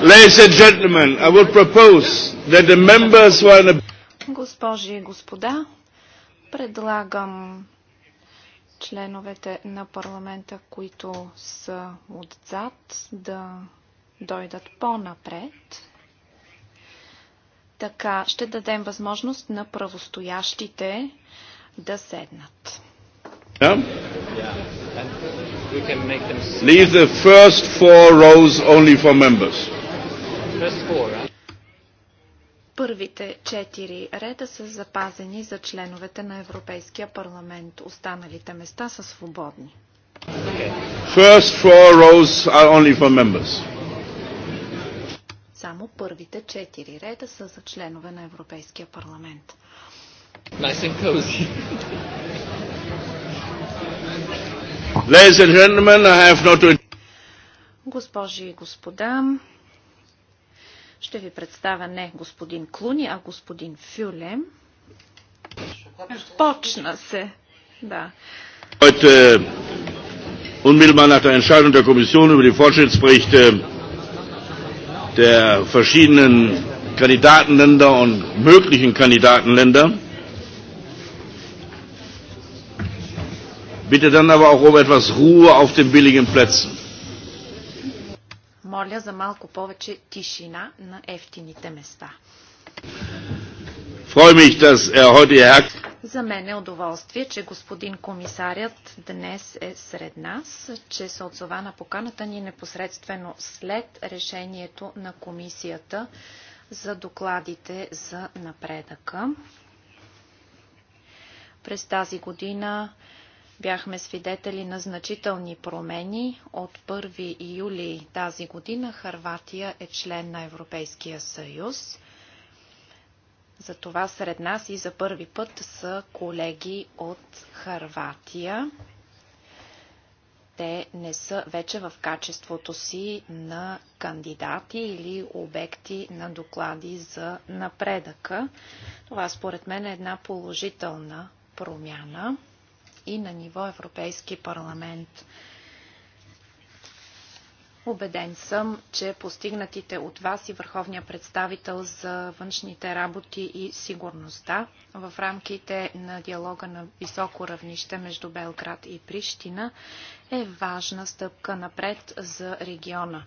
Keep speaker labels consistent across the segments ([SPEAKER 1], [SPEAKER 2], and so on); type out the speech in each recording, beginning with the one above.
[SPEAKER 1] Ladies and gentlemen, I would propose that the members who are in the...
[SPEAKER 2] Госпожи и господа, предлагам членовете на парламента, които са отзад, да дойдат по-напред. Така ще дадем възможност на правостоящите да седнат.
[SPEAKER 1] Yeah? Yeah. Leave the first four rows only for members.
[SPEAKER 2] Първите четири реда са запазени за членовете на Европейския парламент. Останалите места са свободни. Само първите четири реда са за членове на Европейския парламент.
[SPEAKER 1] Nice and cozy. Ladies and gentlemen, I have not
[SPEAKER 2] Госпожи и господа, ще ви представя не господин Клуни, а господин Фюлем. Почна се. Да.
[SPEAKER 1] Heute unmittelbar nach der Entscheidung der Kommission über die Fortschrittsberichte der verschiedenen Kandidatenländer und möglichen Kandidatenländer. Bitte dann aber auch um etwas Ruhe auf den billigen Plätzen
[SPEAKER 2] моля за малко повече тишина на ефтините места.
[SPEAKER 1] Er
[SPEAKER 2] за мен е удоволствие, че господин комисарят днес е сред нас, че се отзова на поканата ни непосредствено след решението на комисията за докладите за напредъка. През тази година бяхме свидетели на значителни промени. От 1 юли тази година Харватия е член на Европейския съюз. Затова сред нас и за първи път са колеги от Харватия. Те не са вече в качеството си на кандидати или обекти на доклади за напредъка. Това според мен е една положителна промяна и на ниво Европейски парламент. Убеден съм, че постигнатите от вас и върховния представител за външните работи и сигурността в рамките на диалога на високо равнище между Белград и Прищина е важна стъпка напред за региона.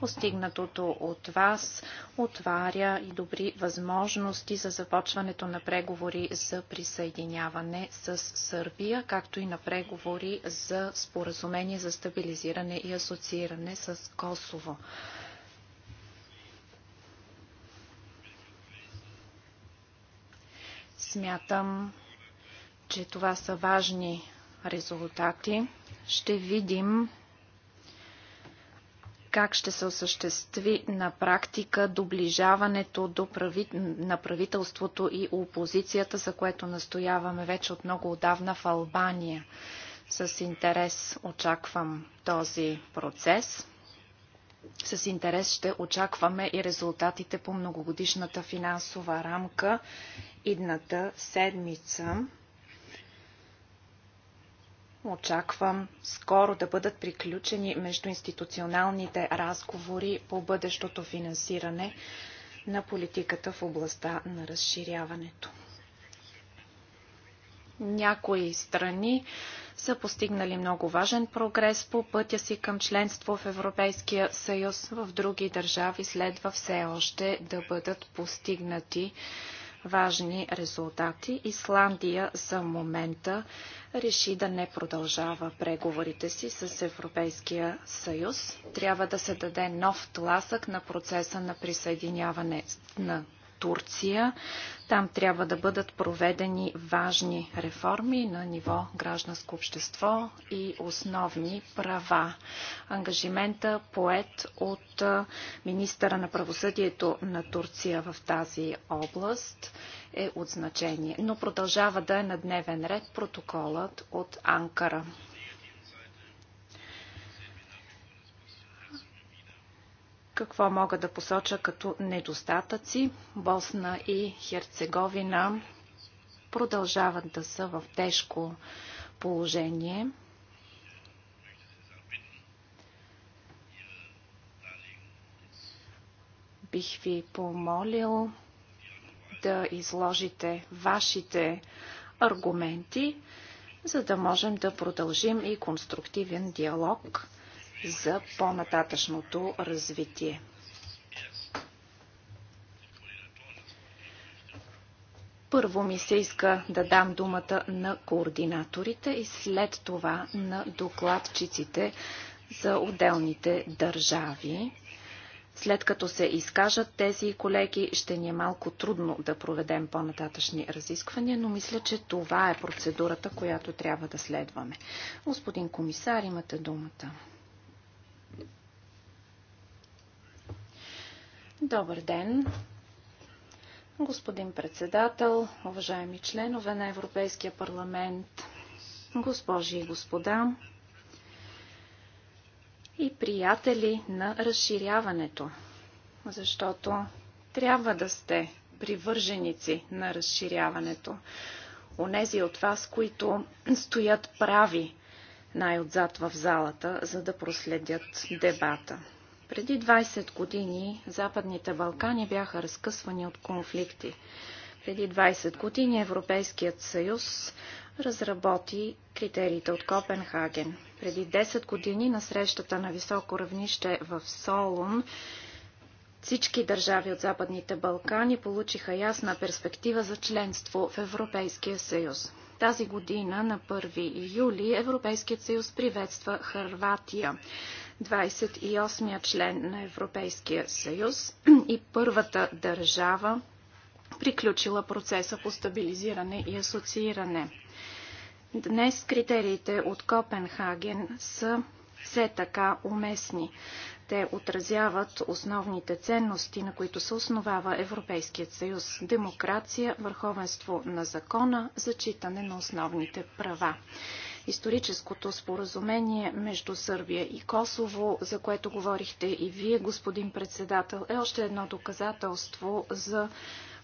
[SPEAKER 2] Постигнатото от вас отваря и добри възможности за започването на преговори за присъединяване с Сърбия, както и на преговори за споразумение за стабилизиране и асоцииране с Косово. Смятам, че това са важни резултати ще видим как ще се осъществи на практика доближаването до прави... на правителството и опозицията, за което настояваме вече от много отдавна в Албания. С интерес очаквам този процес. С интерес ще очакваме и резултатите по многогодишната финансова рамка идната седмица. Очаквам скоро да бъдат приключени междуинституционалните разговори по бъдещото финансиране на политиката в областта на разширяването. Някои страни са постигнали много важен прогрес по пътя си към членство в Европейския съюз. В други държави следва все още да бъдат постигнати важни резултати. Исландия за момента реши да не продължава преговорите си с Европейския съюз. Трябва да се даде нов тласък на процеса на присъединяване на Турция. Там трябва да бъдат проведени важни реформи на ниво гражданско общество и основни права. Ангажимента поет от министъра на правосъдието на Турция в тази област е от значение, но продължава да е на дневен ред протоколът от Анкара. Какво мога да посоча като недостатъци? Босна и Херцеговина продължават да са в тежко положение. Бих ви помолил да изложите вашите аргументи, за да можем да продължим и конструктивен диалог за по-нататъчното развитие. Първо ми се иска да дам думата на координаторите и след това на докладчиците за отделните държави. След като се изкажат тези колеги, ще ни е малко трудно да проведем по-нататъчни разисквания, но мисля, че това е процедурата, която трябва да следваме. Господин комисар, имате думата. Добър ден! Господин председател, уважаеми членове на Европейския парламент, госпожи и господа и приятели на разширяването, защото трябва да сте привърженици на разширяването. Онези от вас, които стоят прави най-отзад в залата, за да проследят дебата. Преди 20 години Западните Балкани бяха разкъсвани от конфликти. Преди 20 години Европейският съюз разработи критериите от Копенхаген. Преди 10 години на срещата на високо равнище в Солун всички държави от Западните Балкани получиха ясна перспектива за членство в Европейския съюз. Тази година на 1 юли Европейският съюз приветства Харватия. 28-я член на Европейския съюз и първата държава, приключила процеса по стабилизиране и асоцииране. Днес критериите от Копенхаген са все така уместни. Те отразяват основните ценности, на които се основава Европейският съюз – демокрация, върховенство на закона, зачитане на основните права историческото споразумение между Сърбия и Косово, за което говорихте и вие, господин председател, е още едно доказателство за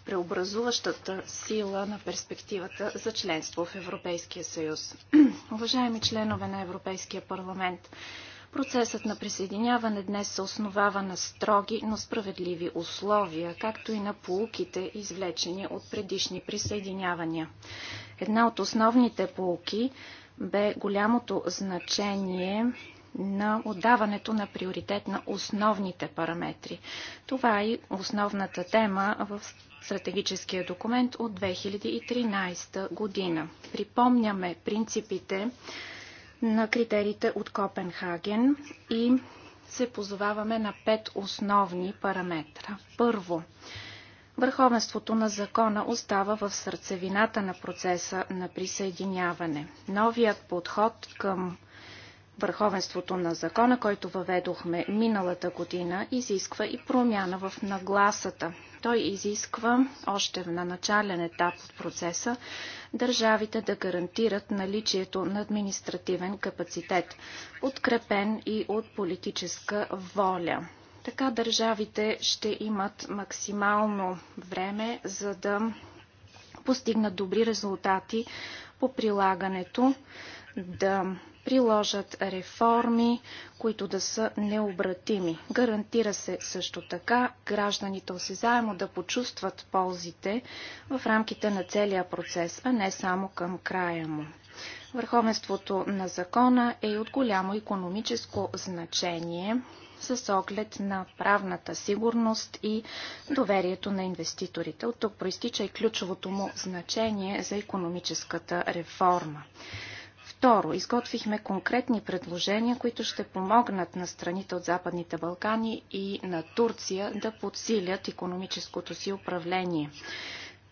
[SPEAKER 2] преобразуващата сила на перспективата за членство в Европейския съюз. Уважаеми членове на Европейския парламент, Процесът на присъединяване днес се основава на строги, но справедливи условия, както и на полуките, извлечени от предишни присъединявания. Една от основните полуки бе голямото значение на отдаването на приоритет на основните параметри. Това е основната тема в стратегическия документ от 2013 година. Припомняме принципите на критериите от Копенхаген и се позоваваме на пет основни параметра. Първо, Върховенството на закона остава в сърцевината на процеса на присъединяване. Новият подход към върховенството на закона, който въведохме миналата година, изисква и промяна в нагласата. Той изисква още на начален етап от процеса държавите да гарантират наличието на административен капацитет, подкрепен и от политическа воля. Така държавите ще имат максимално време, за да постигнат добри резултати по прилагането, да приложат реформи, които да са необратими. Гарантира се също така гражданите осезаемо да почувстват ползите в рамките на целия процес, а не само към края му. Върховенството на закона е и от голямо економическо значение – с оглед на правната сигурност и доверието на инвеститорите. От тук проистича и ключовото му значение за економическата реформа. Второ, изготвихме конкретни предложения, които ще помогнат на страните от Западните Балкани и на Турция да подсилят економическото си управление.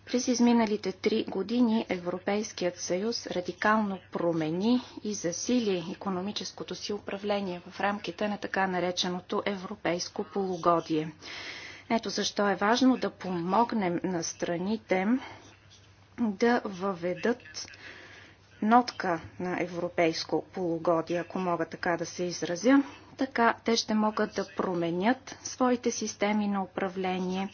[SPEAKER 2] През изминалите три години Европейският съюз радикално промени и засили економическото си управление в рамките на така нареченото европейско полугодие. Ето защо е важно да помогнем на страните да въведат нотка на европейско полугодие, ако мога така да се изразя, така те ще могат да променят своите системи на управление,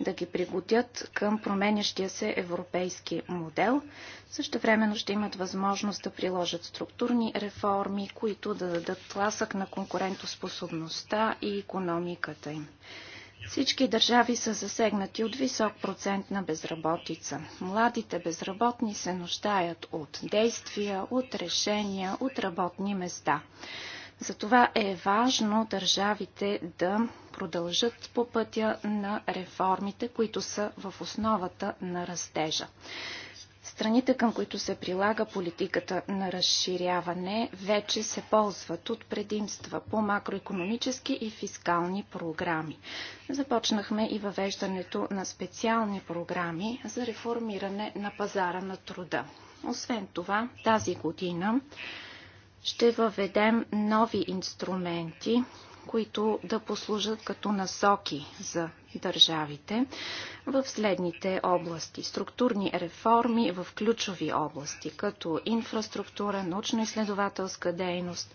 [SPEAKER 2] да ги пригодят към променящия се европейски модел. Също времено ще имат възможност да приложат структурни реформи, които да дадат тласък на конкурентоспособността и економиката им. Всички държави са засегнати от висок процент на безработица. Младите безработни се нуждаят от действия, от решения, от работни места. Затова е важно държавите да продължат по пътя на реформите, които са в основата на растежа. Страните, към които се прилага политиката на разширяване, вече се ползват от предимства по макроекономически и фискални програми. Започнахме и въвеждането на специални програми за реформиране на пазара на труда. Освен това, тази година ще въведем нови инструменти, които да послужат като насоки за държавите в следните области. Структурни реформи в ключови области, като инфраструктура, научно-изследователска дейност,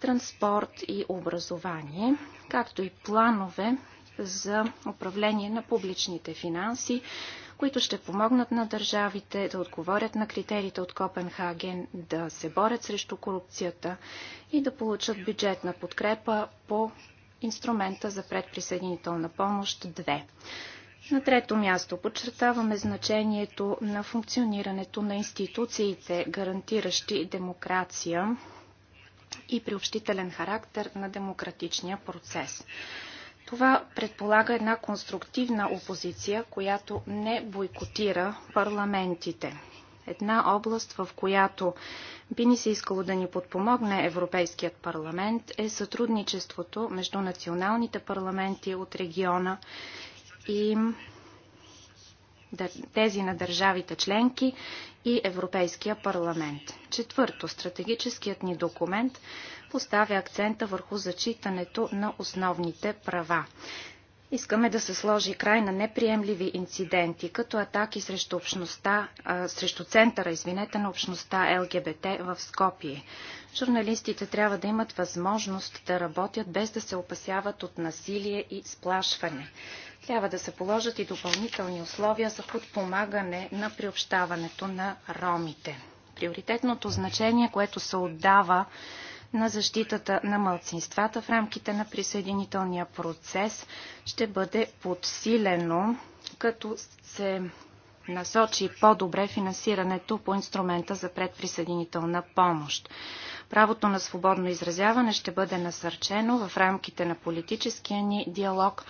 [SPEAKER 2] транспорт и образование, както и планове за управление на публичните финанси които ще помогнат на държавите да отговорят на критериите от Копенхаген, да се борят срещу корупцията и да получат бюджетна подкрепа по инструмента за предприсъединителна помощ 2. На трето място подчертаваме значението на функционирането на институциите, гарантиращи демокрация и приобщителен характер на демократичния процес. Това предполага една конструктивна опозиция, която не бойкотира парламентите. Една област, в която би ни се искало да ни подпомогне Европейският парламент, е сътрудничеството между националните парламенти от региона и тези на държавите членки и Европейския парламент. Четвърто, стратегическият ни документ поставя акцента върху зачитането на основните права. Искаме да се сложи край на неприемливи инциденти, като атаки срещу, общността, а, срещу центъра извинете, на общността ЛГБТ в Скопие. Журналистите трябва да имат възможност да работят без да се опасяват от насилие и сплашване. Трябва да се положат и допълнителни условия за подпомагане на приобщаването на ромите. Приоритетното значение, което се отдава на защитата на мълцинствата в рамките на присъединителния процес ще бъде подсилено, като се насочи по-добре финансирането по инструмента за предприсъединителна помощ. Правото на свободно изразяване ще бъде насърчено в рамките на политическия ни диалог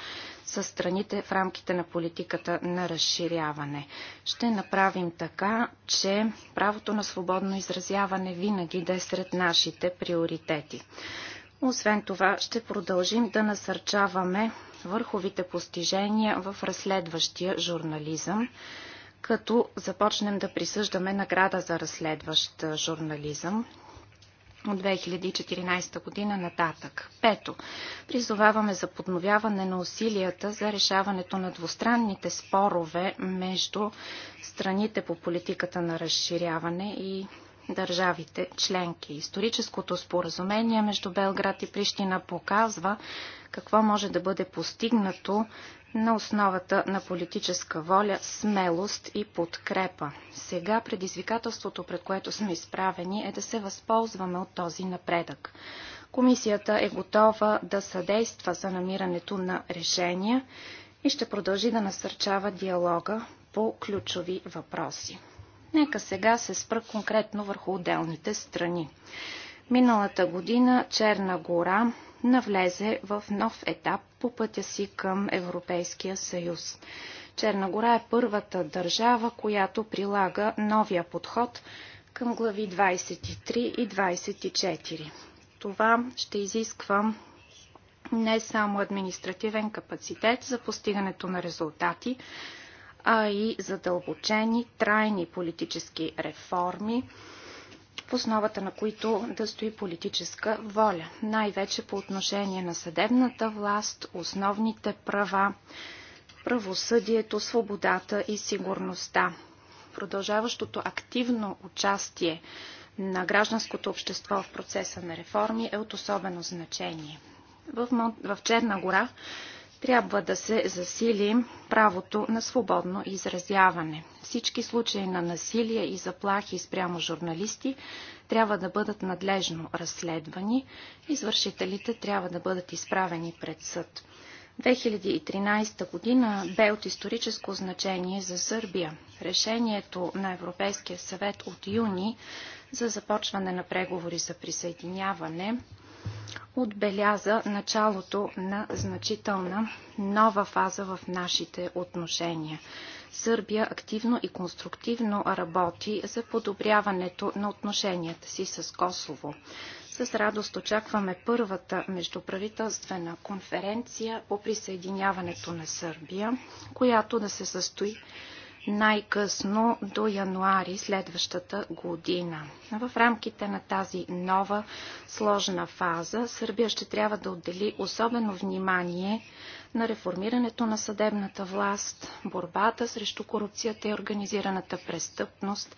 [SPEAKER 2] с страните в рамките на политиката на разширяване. Ще направим така, че правото на свободно изразяване винаги да е сред нашите приоритети. Освен това, ще продължим да насърчаваме върховите постижения в разследващия журнализъм, като започнем да присъждаме награда за разследващ журнализъм от 2014 година нататък. Пето, призоваваме за подновяване на усилията за решаването на двустранните спорове между страните по политиката на разширяване и държавите членки. Историческото споразумение между Белград и Прищина показва какво може да бъде постигнато на основата на политическа воля, смелост и подкрепа. Сега предизвикателството, пред което сме изправени, е да се възползваме от този напредък. Комисията е готова да съдейства за намирането на решения и ще продължи да насърчава диалога по ключови въпроси. Нека сега се спра конкретно върху отделните страни. Миналата година Черна гора навлезе в нов етап по пътя си към Европейския съюз. Черна гора е първата държава, която прилага новия подход към глави 23 и 24. Това ще изисква не само административен капацитет за постигането на резултати, а и задълбочени, трайни политически реформи, в основата на които да стои политическа воля, най-вече по отношение на съдебната власт, основните права, правосъдието, свободата и сигурността. Продължаващото активно участие на гражданското общество в процеса на реформи е от особено значение. В, Черна гора трябва да се засили правото на свободно изразяване. Всички случаи на насилие и заплахи спрямо журналисти трябва да бъдат надлежно разследвани, извършителите трябва да бъдат изправени пред съд. 2013 година бе от историческо значение за Сърбия. Решението на Европейския съвет от юни за започване на преговори за присъединяване – отбеляза началото на значителна нова фаза в нашите отношения. Сърбия активно и конструктивно работи за подобряването на отношенията си с Косово. С радост очакваме първата междуправителствена конференция по присъединяването на Сърбия, която да се състои най-късно до януари следващата година. В рамките на тази нова сложна фаза Сърбия ще трябва да отдели особено внимание на реформирането на съдебната власт, борбата срещу корупцията и организираната престъпност,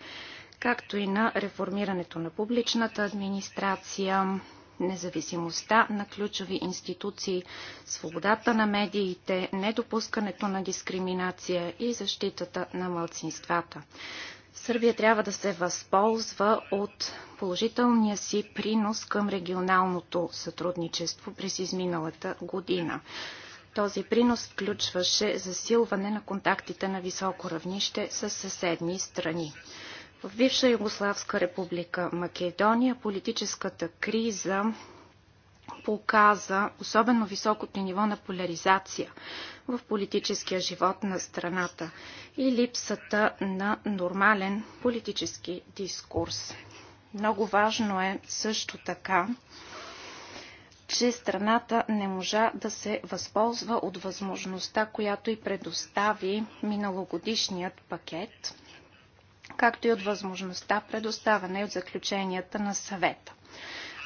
[SPEAKER 2] както и на реформирането на публичната администрация, независимостта на ключови институции, свободата на медиите, недопускането на дискриминация и защитата на мълцинствата. Сърбия трябва да се възползва от положителния си принос към регионалното сътрудничество през изминалата година. Този принос включваше засилване на контактите на високо равнище с съседни страни. В бивша Югославска република Македония политическата криза показа особено високото ниво на поляризация в политическия живот на страната и липсата на нормален политически дискурс. Много важно е също така, че страната не можа да се възползва от възможността, която и предостави миналогодишният пакет – както и от възможността предоставена и от заключенията на съвета.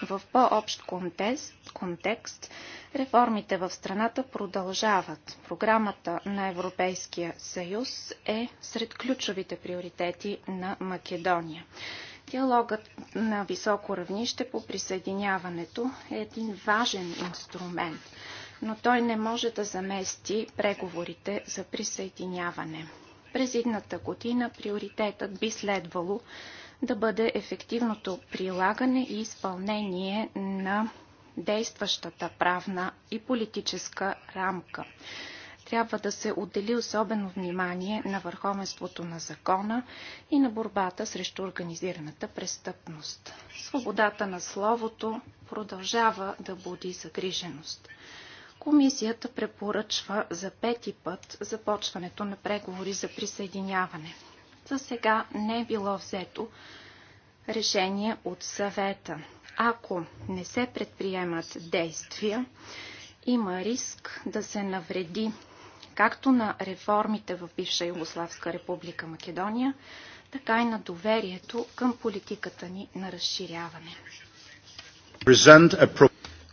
[SPEAKER 2] В по-общ контекст, контекст реформите в страната продължават. Програмата на Европейския съюз е сред ключовите приоритети на Македония. Диалогът на високо равнище по присъединяването е един важен инструмент, но той не може да замести преговорите за присъединяване. През едната година приоритетът би следвало да бъде ефективното прилагане и изпълнение на действащата правна и политическа рамка. Трябва да се отдели особено внимание на върховенството на закона и на борбата срещу организираната престъпност. Свободата на словото продължава да буди загриженост. Комисията препоръчва за пети път започването на преговори за присъединяване. За сега не е било взето решение от съвета. Ако не се предприемат действия, има риск да се навреди както на реформите в бивша Югославска република Македония, така и на доверието към политиката ни на разширяване.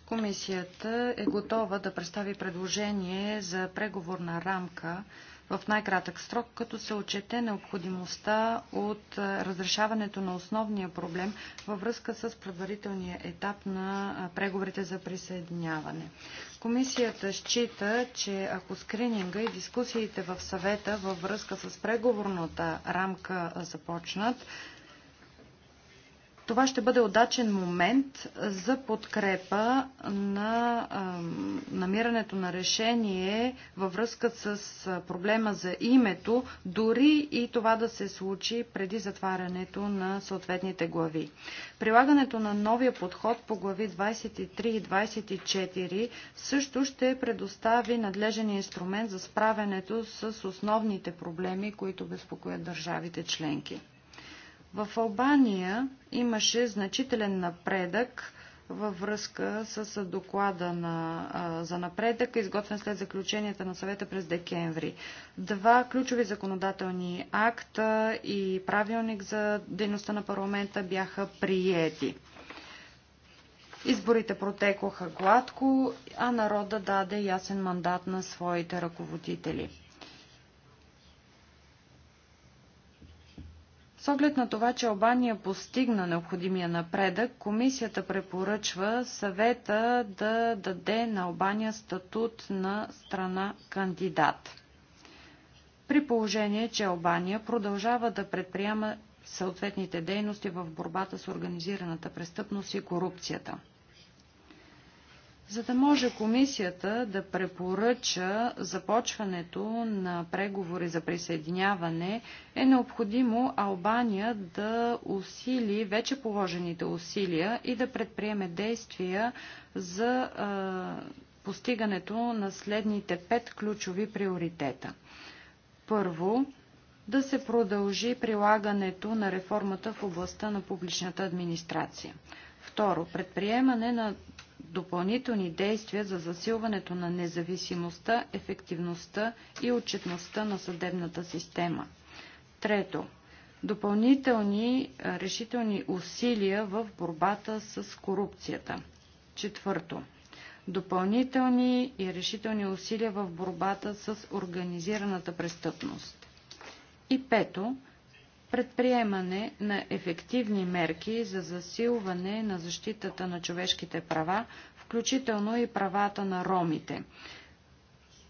[SPEAKER 3] Комисията е готова да представи предложение за преговорна рамка в най-кратък срок, като се отчете необходимостта от разрешаването на основния проблем във връзка с предварителния етап на преговорите за присъединяване. Комисията счита, че ако скрининга и дискусиите в съвета във връзка с преговорната рамка започнат, това ще бъде удачен момент за подкрепа на намирането на решение във връзка с проблема за името, дори и това да се случи преди затварянето на съответните глави. Прилагането на новия подход по глави 23 и 24 също ще предостави надлежен инструмент за справянето с основните проблеми, които безпокоят държавите членки. В Албания имаше значителен напредък във връзка с доклада на, за напредък, изготвен след заключенията на съвета през декември. Два ключови законодателни акта и правилник за дейността на парламента бяха приети. Изборите протекоха гладко, а народа даде ясен мандат на своите ръководители. С оглед на това, че Албания постигна необходимия напредък, комисията препоръчва съвета да даде на Албания статут на страна кандидат. При положение, че Албания продължава да предприема съответните дейности в борбата с организираната престъпност и корупцията за да може комисията да препоръча започването на преговори за присъединяване, е необходимо Албания да усили вече положените усилия и да предприеме действия за а, постигането на следните пет ключови приоритета. Първо, да се продължи прилагането на реформата в областта на публичната администрация. Второ, предприемане на допълнителни действия за засилването на независимостта, ефективността и отчетността на съдебната система. Трето, допълнителни решителни усилия в борбата с корупцията. Четвърто, допълнителни и решителни усилия в борбата с организираната престъпност. И пето, предприемане на ефективни мерки за засилване на защитата на човешките права, включително и правата на ромите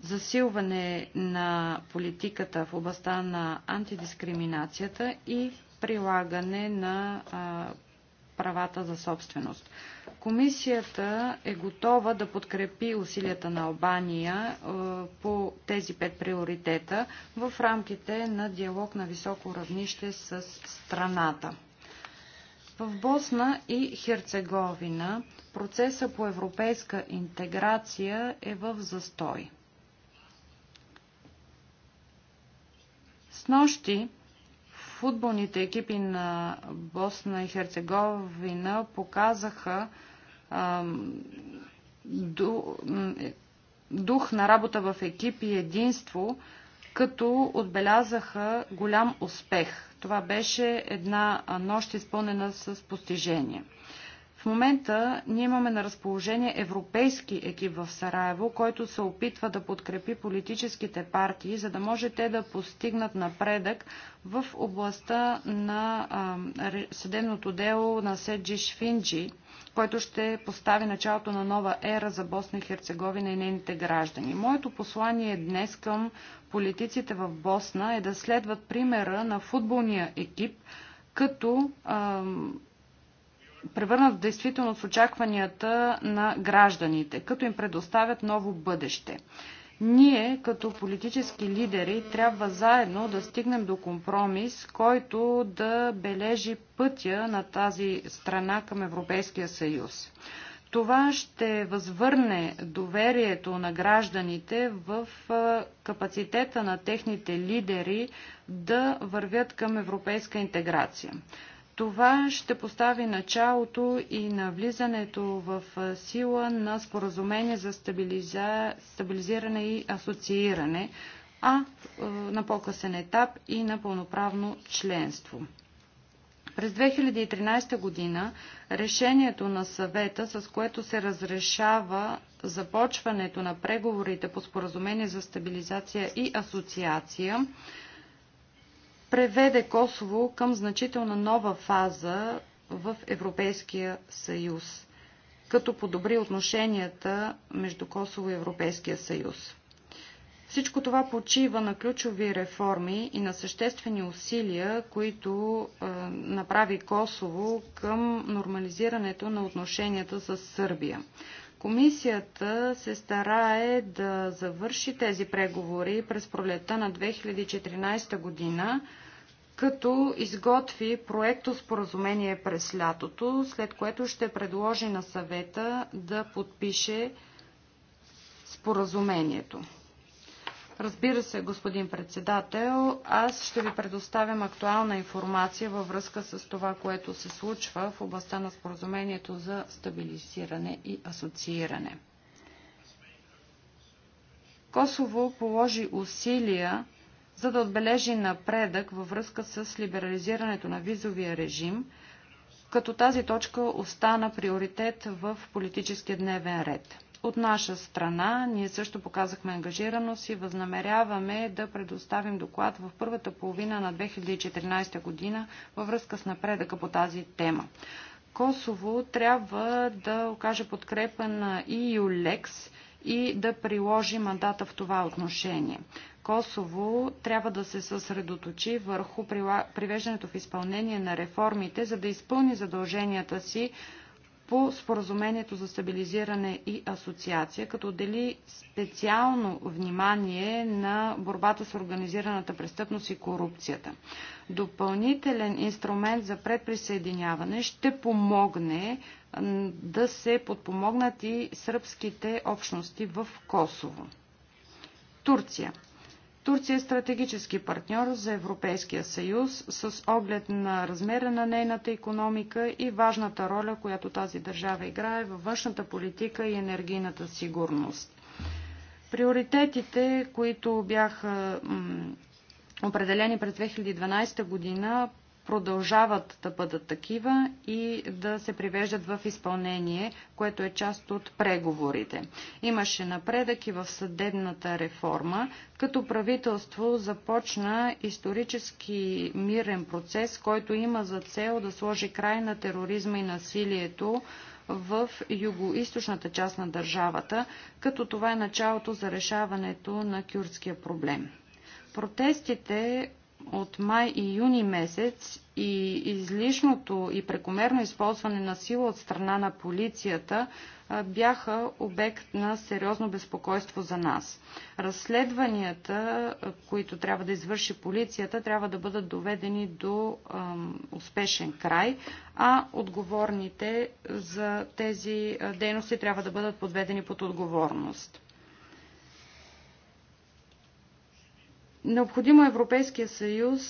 [SPEAKER 3] засилване на политиката в областта на антидискриминацията и прилагане на а, правата за собственост. Комисията е готова да подкрепи усилията на Албания е, по тези пет приоритета в рамките на диалог на високо равнище с страната. В Босна и Херцеговина процеса по европейска интеграция е в застой. С нощи футболните екипи на Босна и Херцеговина показаха дух на работа в екип и единство, като отбелязаха голям успех. Това беше една нощ изпълнена с постижения. В момента ние имаме на разположение европейски екип в Сараево, който се опитва да подкрепи политическите партии, за да може те да постигнат напредък в областта на а, съдебното дело на Седжи Швинджи, който ще постави началото на нова ера за Босна и Херцеговина и нейните граждани. Моето послание днес към политиците в Босна е да следват примера на футболния екип, като превърнат в действително очакванията на гражданите, като им предоставят ново бъдеще. Ние, като политически лидери, трябва заедно да стигнем до компромис, който да бележи пътя на тази страна към Европейския съюз. Това ще възвърне доверието на гражданите в капацитета на техните лидери да вървят към европейска интеграция. Това ще постави началото и на влизането в сила на споразумение за стабилиза... стабилизиране и асоцииране, а на по-късен етап и на пълноправно членство. През 2013 година решението на съвета, с което се разрешава започването на преговорите по споразумение за стабилизация и асоциация, преведе Косово към значителна нова фаза в Европейския съюз, като подобри отношенията между Косово и Европейския съюз. Всичко това почива на ключови реформи и на съществени усилия, които е, направи Косово към нормализирането на отношенията с Сърбия. Комисията се старае да завърши тези преговори през пролета на 2014 година, като изготви проекто споразумение през лятото, след което ще предложи на съвета да подпише споразумението. Разбира се, господин председател, аз ще ви предоставям актуална информация във връзка с това, което се случва в областта на споразумението за стабилизиране и асоцииране. Косово положи усилия за да отбележи напредък във връзка с либерализирането на визовия режим, като тази точка остана приоритет в политическия дневен ред. От наша страна ние също показахме ангажираност и възнамеряваме да предоставим доклад в първата половина на 2014 година във връзка с напредъка по тази тема. Косово трябва да окаже подкрепа на EULEX и да приложи мандата в това отношение. Косово трябва да се съсредоточи върху привеждането в изпълнение на реформите, за да изпълни задълженията си по споразумението за стабилизиране и асоциация, като отдели специално внимание на борбата с организираната престъпност и корупцията. Допълнителен инструмент за предприсъединяване ще помогне да се подпомогнат и сръбските общности в Косово. Турция. Турция е стратегически партньор за Европейския съюз с оглед на размера на нейната економика и важната роля, която тази държава играе във външната политика и енергийната сигурност. Приоритетите, които бяха определени през 2012 година, продължават да бъдат такива и да се привеждат в изпълнение, което е част от преговорите. Имаше напредък и в съдебната реформа, като правителство започна исторически мирен процес, който има за цел да сложи край на тероризма и насилието в югоисточната част на държавата, като това е началото за решаването на кюрдския проблем. Протестите от май и юни месец и излишното и прекомерно използване на сила от страна на полицията бяха обект на сериозно безпокойство за нас. Разследванията, които трябва да извърши полицията, трябва да бъдат доведени до успешен край, а отговорните за тези дейности трябва да бъдат подведени под отговорност. Необходимо е Европейския съюз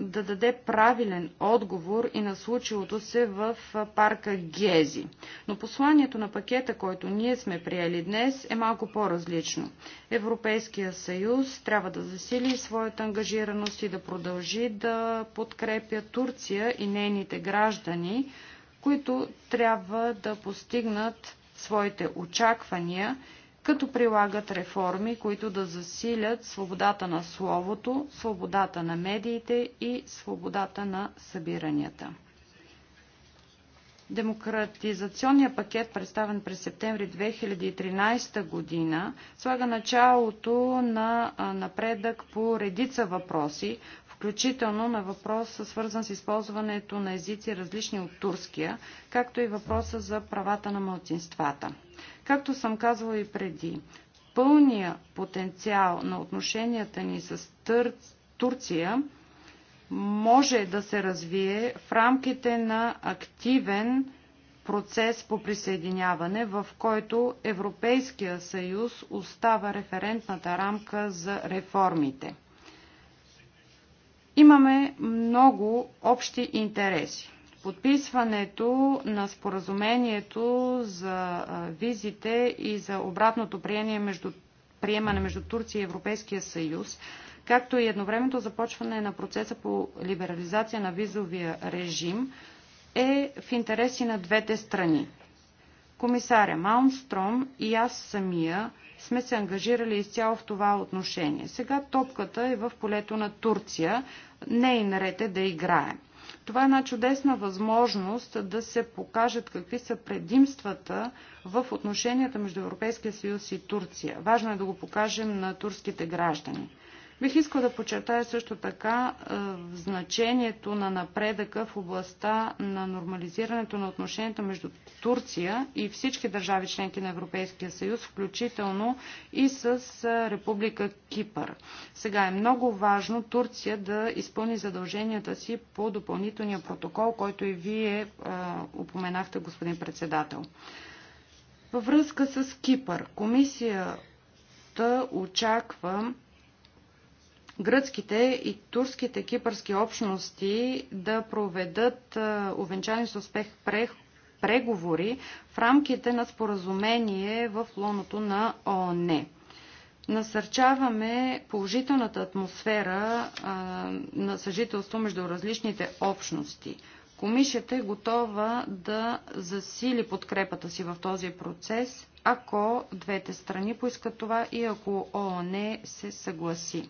[SPEAKER 3] да даде правилен отговор и на случилото се в парка Гези. Но посланието на пакета, който ние сме приели днес, е малко по-различно. Европейския съюз трябва да засили своята ангажираност и да продължи да подкрепя Турция и нейните граждани, които трябва да постигнат своите очаквания като прилагат реформи, които да засилят свободата на словото, свободата на медиите и свободата на събиранията. Демократизационният пакет, представен през септември 2013 година, слага началото на напредък по редица въпроси, включително на въпроса свързан с използването на езици различни от турския, както и въпроса за правата на младсинствата. Както съм казвала и преди, пълния потенциал на отношенията ни с Турция – може да се развие в рамките на активен процес по присъединяване, в който Европейския съюз остава референтната рамка за реформите. Имаме много общи интереси. Подписването на споразумението за визите и за обратното приемане между, приемане между Турция и Европейския съюз – както и едновременното започване на процеса по либерализация на визовия режим, е в интереси на двете страни. Комисаря Маунстром и аз самия сме се ангажирали изцяло в това отношение. Сега топката е в полето на Турция. Не и нарете да играе. Това е една чудесна възможност да се покажат какви са предимствата в отношенията между Европейския съюз и Турция. Важно е да го покажем на турските граждани. Бих искал да подчертая също така е, значението на напредъка в областта на нормализирането на отношенията между Турция и всички държави членки на Европейския съюз, включително и с е, Република Кипър. Сега е много важно Турция да изпълни задълженията си по допълнителния протокол, който и вие е, упоменахте, господин председател. Във връзка с Кипър, комисията очаква гръцките и турските кипърски общности да проведат увенчани с успех преговори в рамките на споразумение в лоното на ООН. Насърчаваме положителната атмосфера а, на съжителство между различните общности. Комисията е готова да засили подкрепата си в този процес, ако двете страни поискат това и ако ООН се съгласи.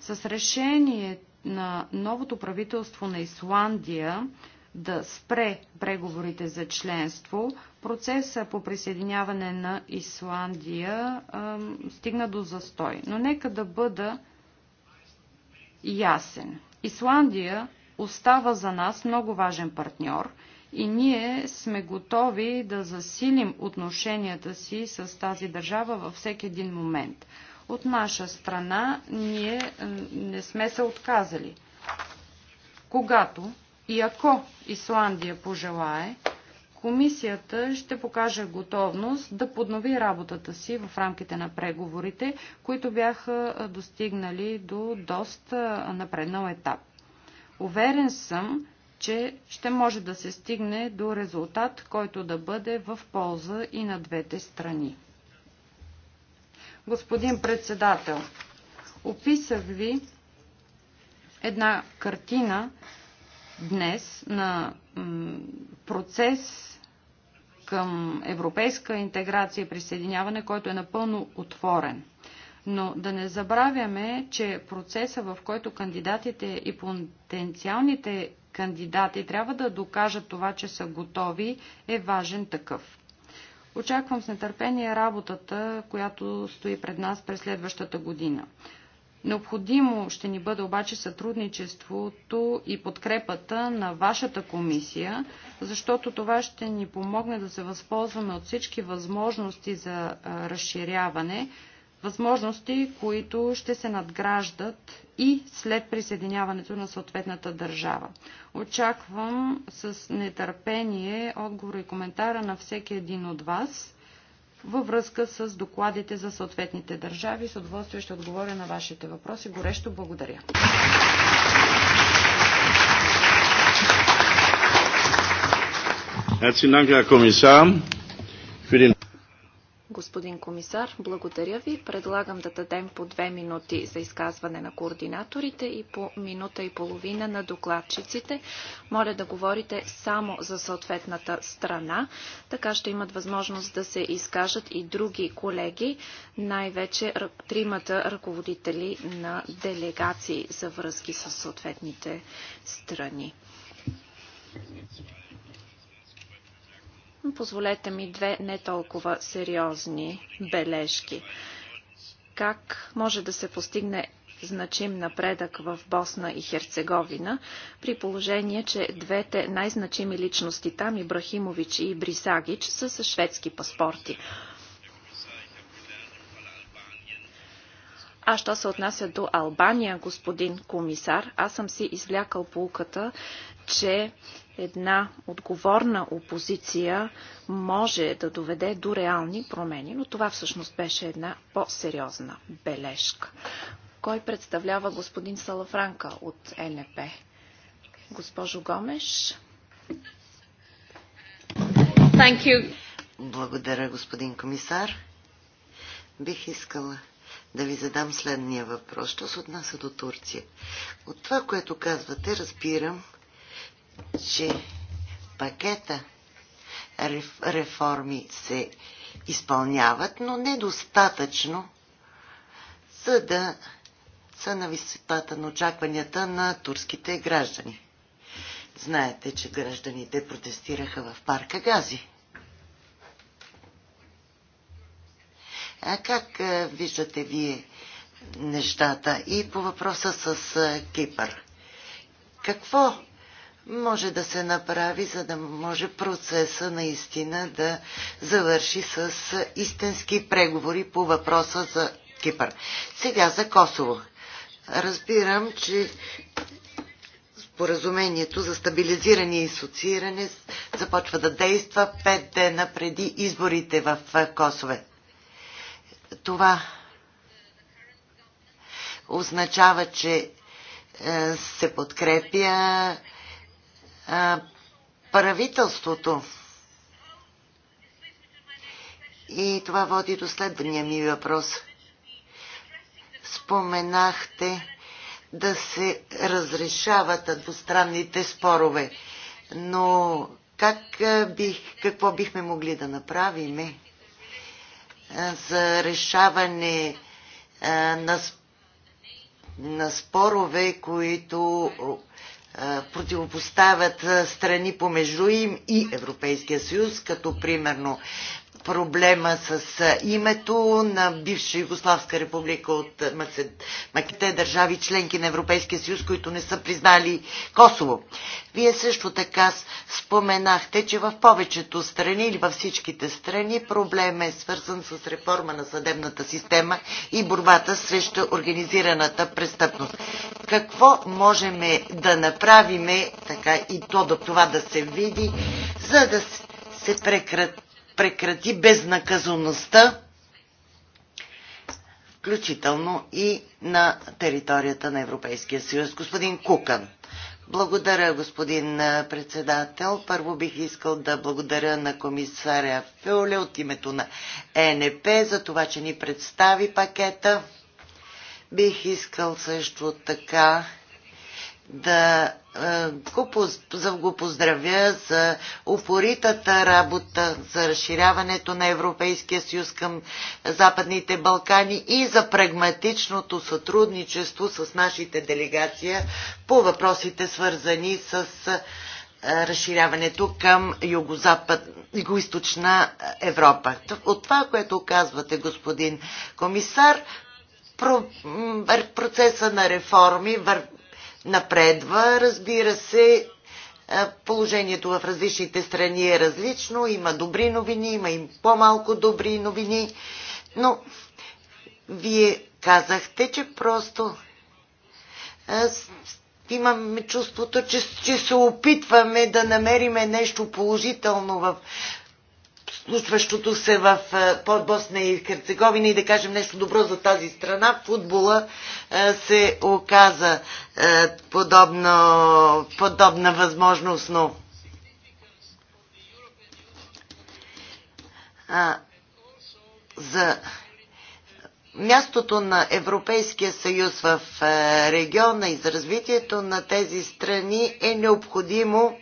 [SPEAKER 3] С решение на новото правителство на Исландия да спре преговорите за членство, процеса по присъединяване на Исландия а, стигна до застой. Но нека да бъда ясен. Исландия остава за нас много важен партньор и ние сме готови да засилим отношенията си с тази държава във всеки един момент. От наша страна ние не сме се отказали. Когато и ако Исландия пожелае, комисията ще покаже готовност да поднови работата си в рамките на преговорите, които бяха достигнали до доста напреднал етап. Уверен съм, че ще може да се стигне до резултат, който да бъде в полза и на двете страни. Господин председател, описах ви една картина днес на процес към европейска интеграция и присъединяване, който е напълно отворен. Но да не забравяме, че процеса, в който кандидатите и потенциалните кандидати трябва да докажат това, че са готови, е важен такъв. Очаквам с нетърпение работата, която стои пред нас през следващата година. Необходимо ще ни бъде обаче сътрудничеството и подкрепата на вашата комисия, защото това ще ни помогне да се възползваме от всички възможности за разширяване, възможности, които ще се надграждат и след присъединяването на съответната държава. Очаквам с нетърпение отговор и коментара на всеки един от вас във връзка с докладите за съответните държави. С удоволствие ще отговоря на вашите въпроси. Горещо благодаря.
[SPEAKER 1] Herzlichen Dank, Herr Kommissar.
[SPEAKER 2] Господин комисар, благодаря ви. Предлагам да дадем по две минути за изказване на координаторите и по минута и половина на докладчиците. Моля да говорите само за съответната страна. Така ще имат възможност да се изкажат и други колеги, най-вече тримата ръководители на делегации за връзки с съответните страни. Позволете ми две не толкова сериозни бележки. Как може да се постигне значим напредък в Босна и Херцеговина, при положение, че двете най-значими личности там, Ибрахимович и Брисагич, са с шведски паспорти. А що се отнася до Албания, господин комисар, аз съм си извлякал полуката, че една отговорна опозиция може да доведе до реални промени, но това всъщност беше една по-сериозна бележка. Кой представлява господин Салафранка от е НП?
[SPEAKER 4] Госпожо Гомеш. Thank you. Благодаря, господин комисар. Бих искала да ви задам следния въпрос. Що се отнася до Турция? От това, което казвате, разбирам, че пакета реформи се изпълняват, но недостатъчно, за да са на висотата на очакванията на турските граждани. Знаете, че гражданите протестираха в парка Гази. А как виждате вие нещата и по въпроса с Кипър? Какво може да се направи, за да може процеса наистина да завърши с истински преговори по въпроса за Кипър. Сега за Косово. Разбирам, че споразумението за стабилизиране и асоцииране започва да действа пет дена преди изборите в Косове. Това означава, че е, се подкрепя правителството. И това води до следния ми въпрос. Споменахте да се разрешават двустранните спорове, но как бих, какво бихме могли да направиме за решаване на, на спорове, които противопоставят страни помежду им и Европейския съюз, като примерно проблема с името на бивша Югославска република от маките държави, членки на Европейския съюз, които не са признали Косово. Вие също така споменахте, че в повечето страни или във всичките страни проблем е свързан с реформа на съдебната система и борбата срещу организираната престъпност. Какво можем да направиме, така и то до това да се види, за да се прекрати прекрати безнаказаността, включително и на територията на Европейския съюз. Господин Кукан. Благодаря, господин председател. Първо бих искал да благодаря на комисаря Фюле от името на ЕНП за това, че ни представи пакета. Бих искал също така да е, го поздравя за упоритата работа за разширяването на Европейския съюз към Западните Балкани и за прагматичното сътрудничество с нашите делегация по въпросите свързани с е, разширяването към юго-запад, юго-источна Европа. От това, което казвате, господин комисар, процеса на реформи напредва. Разбира се, е, положението в различните страни е различно. Има добри новини, има и по-малко добри новини. Но вие казахте, че просто е, имаме чувството, че, че се опитваме да намериме нещо положително в случващото се в е, Босна и Херцеговина и да кажем нещо добро за тази страна. Футбола е, се оказа е, подобно, подобна възможност, но а, за мястото на Европейския съюз в региона и за развитието на тези страни е необходимо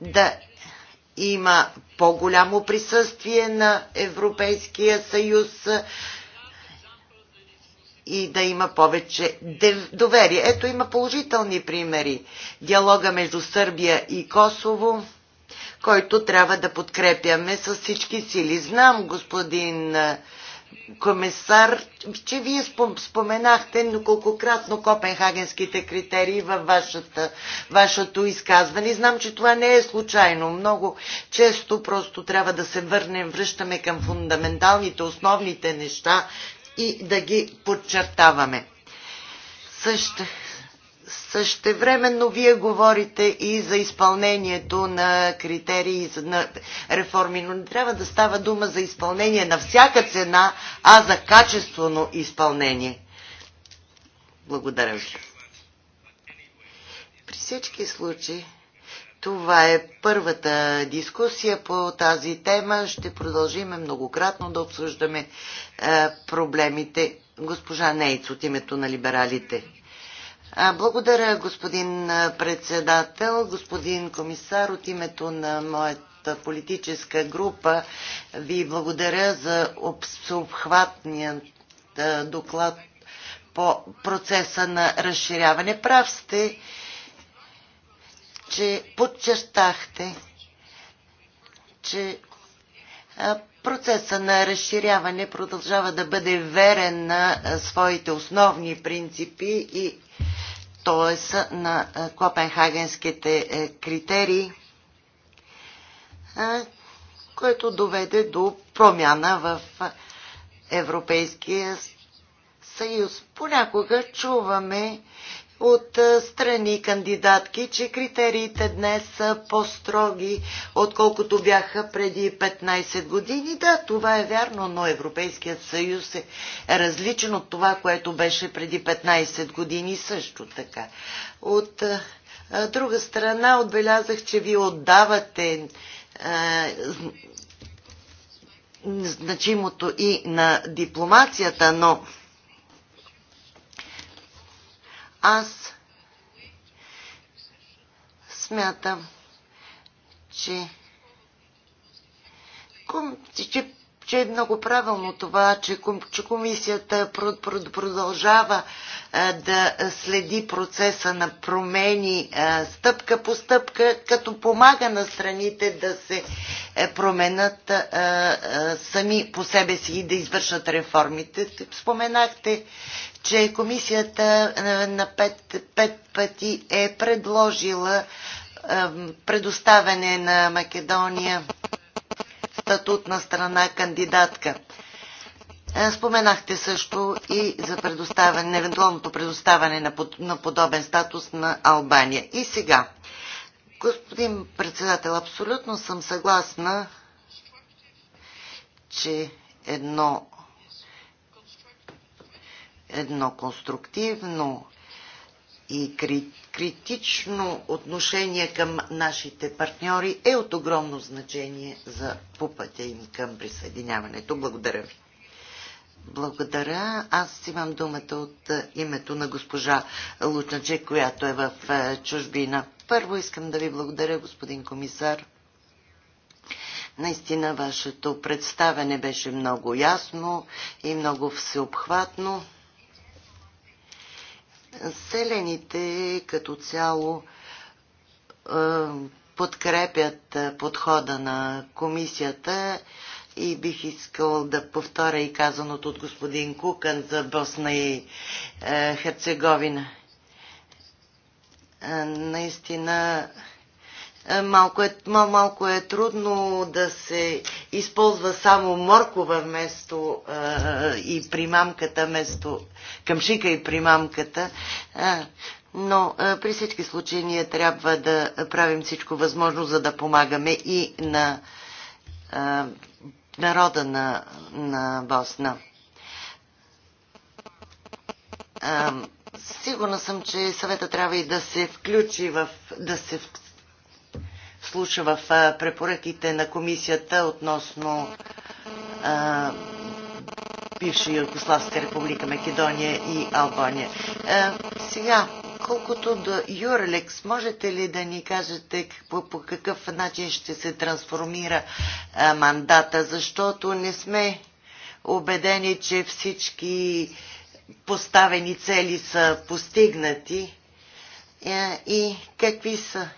[SPEAKER 4] да има по-голямо присъствие на Европейския съюз и да има повече доверие. Ето има положителни примери. Диалога между Сърбия и Косово, който трябва да подкрепяме с всички сили. Знам, господин комисар, че вие споменахте неколкократно копенхагенските критерии във вашата, вашето изказване. Знам, че това не е случайно. Много често просто трябва да се върнем, връщаме към фундаменталните, основните неща и да ги подчертаваме. Също, Същевременно вие говорите и за изпълнението на критерии на реформи, но не трябва да става дума за изпълнение на всяка цена, а за качествено изпълнение. Благодаря ви. При всички случаи, това е първата дискусия по тази тема. Ще продължим многократно да обсъждаме е, проблемите. Госпожа Нейц от името на либералите. Благодаря, господин председател, господин комисар. От името на моята политическа група ви благодаря за обхватният доклад по процеса на разширяване. Прав сте, че подчертахте, че процеса на разширяване продължава да бъде верен на своите основни принципи и т.е. на е, копенхагенските е, критерии, е, което доведе до промяна в Европейския съюз. Понякога чуваме, от страни кандидатки, че критериите днес са по-строги, отколкото бяха преди 15 години. Да, това е вярно, но Европейският съюз е различен от това, което беше преди 15 години също така. От друга страна отбелязах, че ви отдавате значимото и на дипломацията, но аз смятам, че, че че е много правилно това, че, че комисията продължава да следи процеса на промени стъпка по стъпка, като помага на страните да се е, променят сами по себе си и да извършат реформите. Споменахте, че комисията на пет, пет пъти е предложила предоставяне на Македония статут на страна кандидатка. Е, споменахте също и за предоставяне, евентуалното предоставяне на, под, на подобен статус на Албания. И сега, господин председател, абсолютно съм съгласна, че едно, едно конструктивно и крит критично отношение към нашите партньори е от огромно значение за пупътя им към присъединяването. Благодаря ви. Благодаря. Аз имам думата от името на госпожа Лутначе, която е в е, чужбина. Първо искам да ви благодаря, господин комисар. Наистина вашето представене беше много ясно и много всеобхватно. Селените като цяло е, подкрепят е, подхода на комисията и бих искал да повторя и казаното от господин Кукан за Босна и е, Херцеговина. Наистина е, малко е, малко е трудно да се използва само моркова вместо а, е, и примамката, вместо къмшика и примамката. А, е, но а, при всички случаи ние трябва да правим всичко възможно, за да помагаме и на а, народа на, на Босна. А, сигурна съм, че съвета трябва и да се включи в, да се случва в препоръките на комисията относно а, бивша Югославска република Македония и Албания. А, сега, колкото до Юрлекс, можете ли да ни кажете по, по какъв начин ще се трансформира а, мандата, защото не сме убедени, че всички поставени цели са постигнати и какви са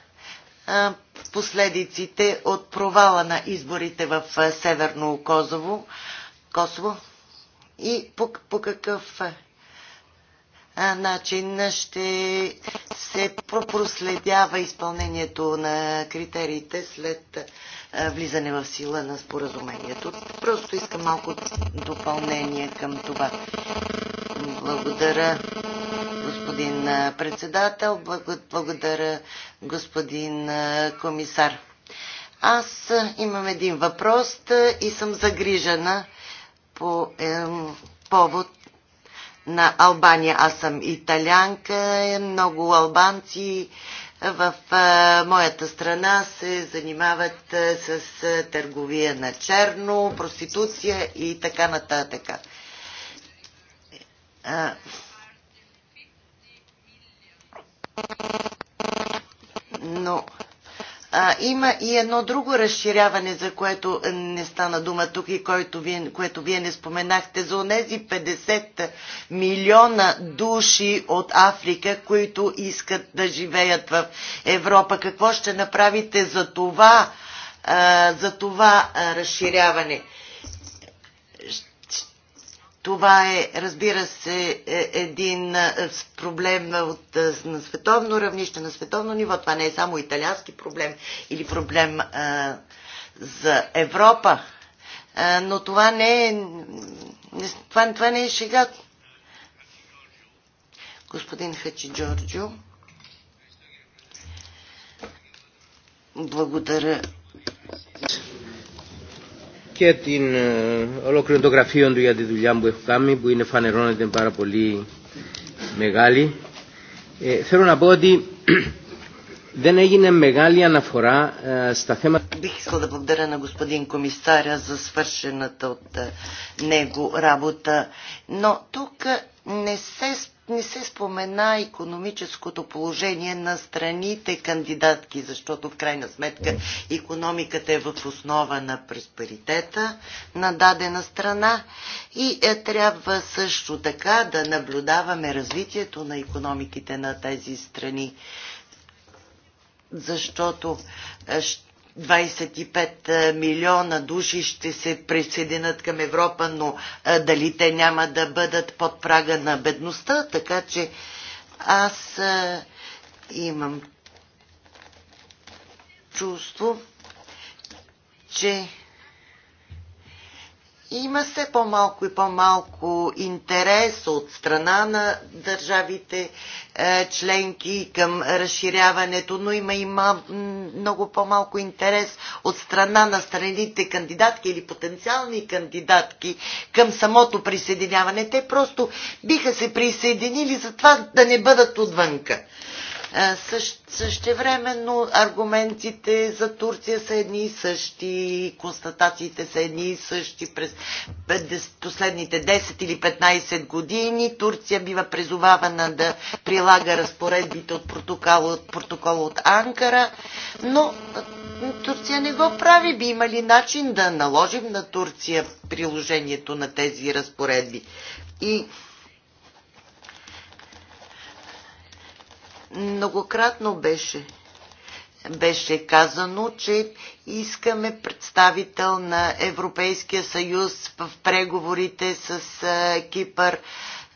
[SPEAKER 4] последиците от провала на изборите в Северно Козово, Косово и по, по какъв начин ще се проследява изпълнението на критериите след влизане в сила на споразумението. Просто искам малко допълнение към това. Благодаря господин председател. Благодаря, господин комисар. Аз имам един въпрос и съм загрижена по е, повод на Албания. Аз съм италянка, много албанци в е, моята страна се занимават с търговия на черно, проституция и така нататък. Но а, има и едно друго разширяване, за което не стана дума тук и което вие, което вие не споменахте, за онези 50 милиона души от Африка, които искат да живеят в Европа. Какво ще направите за това, а, за това разширяване? Това е, разбира се, е, един е, проблем от, е, на световно равнище, на световно ниво. Това не е само италиански проблем или проблем а, за Европа. А, но това не е. Не, това, това не е шега. Господин Хачи Джорджо. Благодаря,
[SPEAKER 1] και την ολόκληρη το γραφείο του για τη δουλειά που έχω κάνει που είναι φανερώνεται πάρα πολύ μεγάλη. Ε, θέλω να πω ότι δεν έγινε μεγάλη
[SPEAKER 4] αναφορά ε, στα θέματα... Бих искал да благодаря на господин комисаря за свършената от него работа, но тук не се, не се спомена економическото положение на страните кандидатки, защото в крайна сметка економиката е в основа на просперитета на дадена страна и е, трябва също така да наблюдаваме развитието на економиките на тези страни, защото е, ще 25 е, милиона души ще се присъединят към Европа, но е, дали те няма да бъдат под прага на бедността, така че аз е, имам чувство, че има все по-малко и по-малко интерес от страна на държавите е, членки към разширяването, но има и много по-малко интерес от страна на страните кандидатки или потенциални кандидатки към самото присъединяване. Те просто биха се присъединили за това да не бъдат отвънка. Същ, същевременно аргументите за Турция са едни и същи, констатациите са едни и същи. През последните 10 или 15 години Турция бива призовавана да прилага разпоредбите от протокола от, протокол от Анкара, но Турция не го прави. Би има ли начин да наложим на Турция приложението на тези разпоредби? И Многократно беше, беше казано, че искаме представител на Европейския съюз в преговорите с Кипър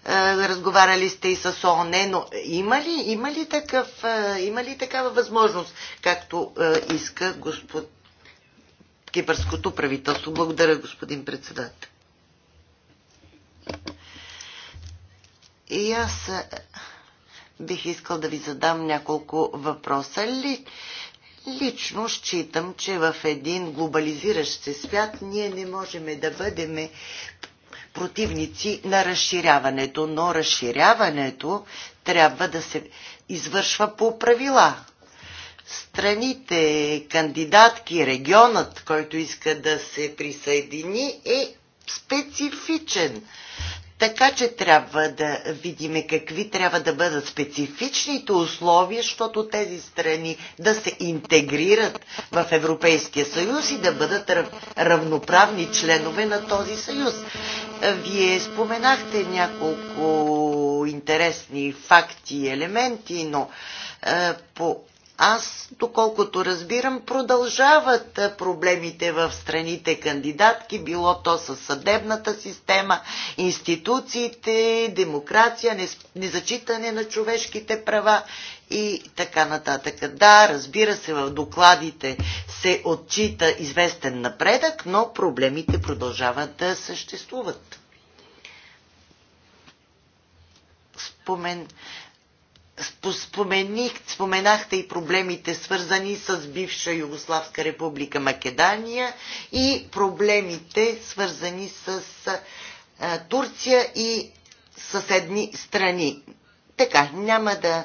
[SPEAKER 4] разговаряли сте и с ОНЕ, но има ли, има ли, такъв, има ли такава възможност, както иска господ... кипърското правителство? Благодаря, господин председател. И аз бих искал да ви задам няколко въпроса. Ли, лично считам, че в един глобализиращ се свят ние не можем да бъдем противници на разширяването, но разширяването трябва да се извършва по правила. Страните, кандидатки, регионът, който иска да се присъедини, е специфичен. Така че трябва да видиме какви трябва да бъдат специфичните условия, защото тези страни да се интегрират в Европейския съюз и да бъдат равноправни членове на този съюз. Вие споменахте няколко интересни факти и елементи, но е, по аз, доколкото разбирам, продължават проблемите в страните кандидатки, било то със съдебната система, институциите, демокрация, незачитане на човешките права и така нататък. Да, разбира се, в докладите се отчита известен напредък, но проблемите продължават да съществуват. Спомен спомених, споменахте и проблемите свързани с бивша Югославска република Македония и проблемите свързани с Турция и съседни страни. Така, няма да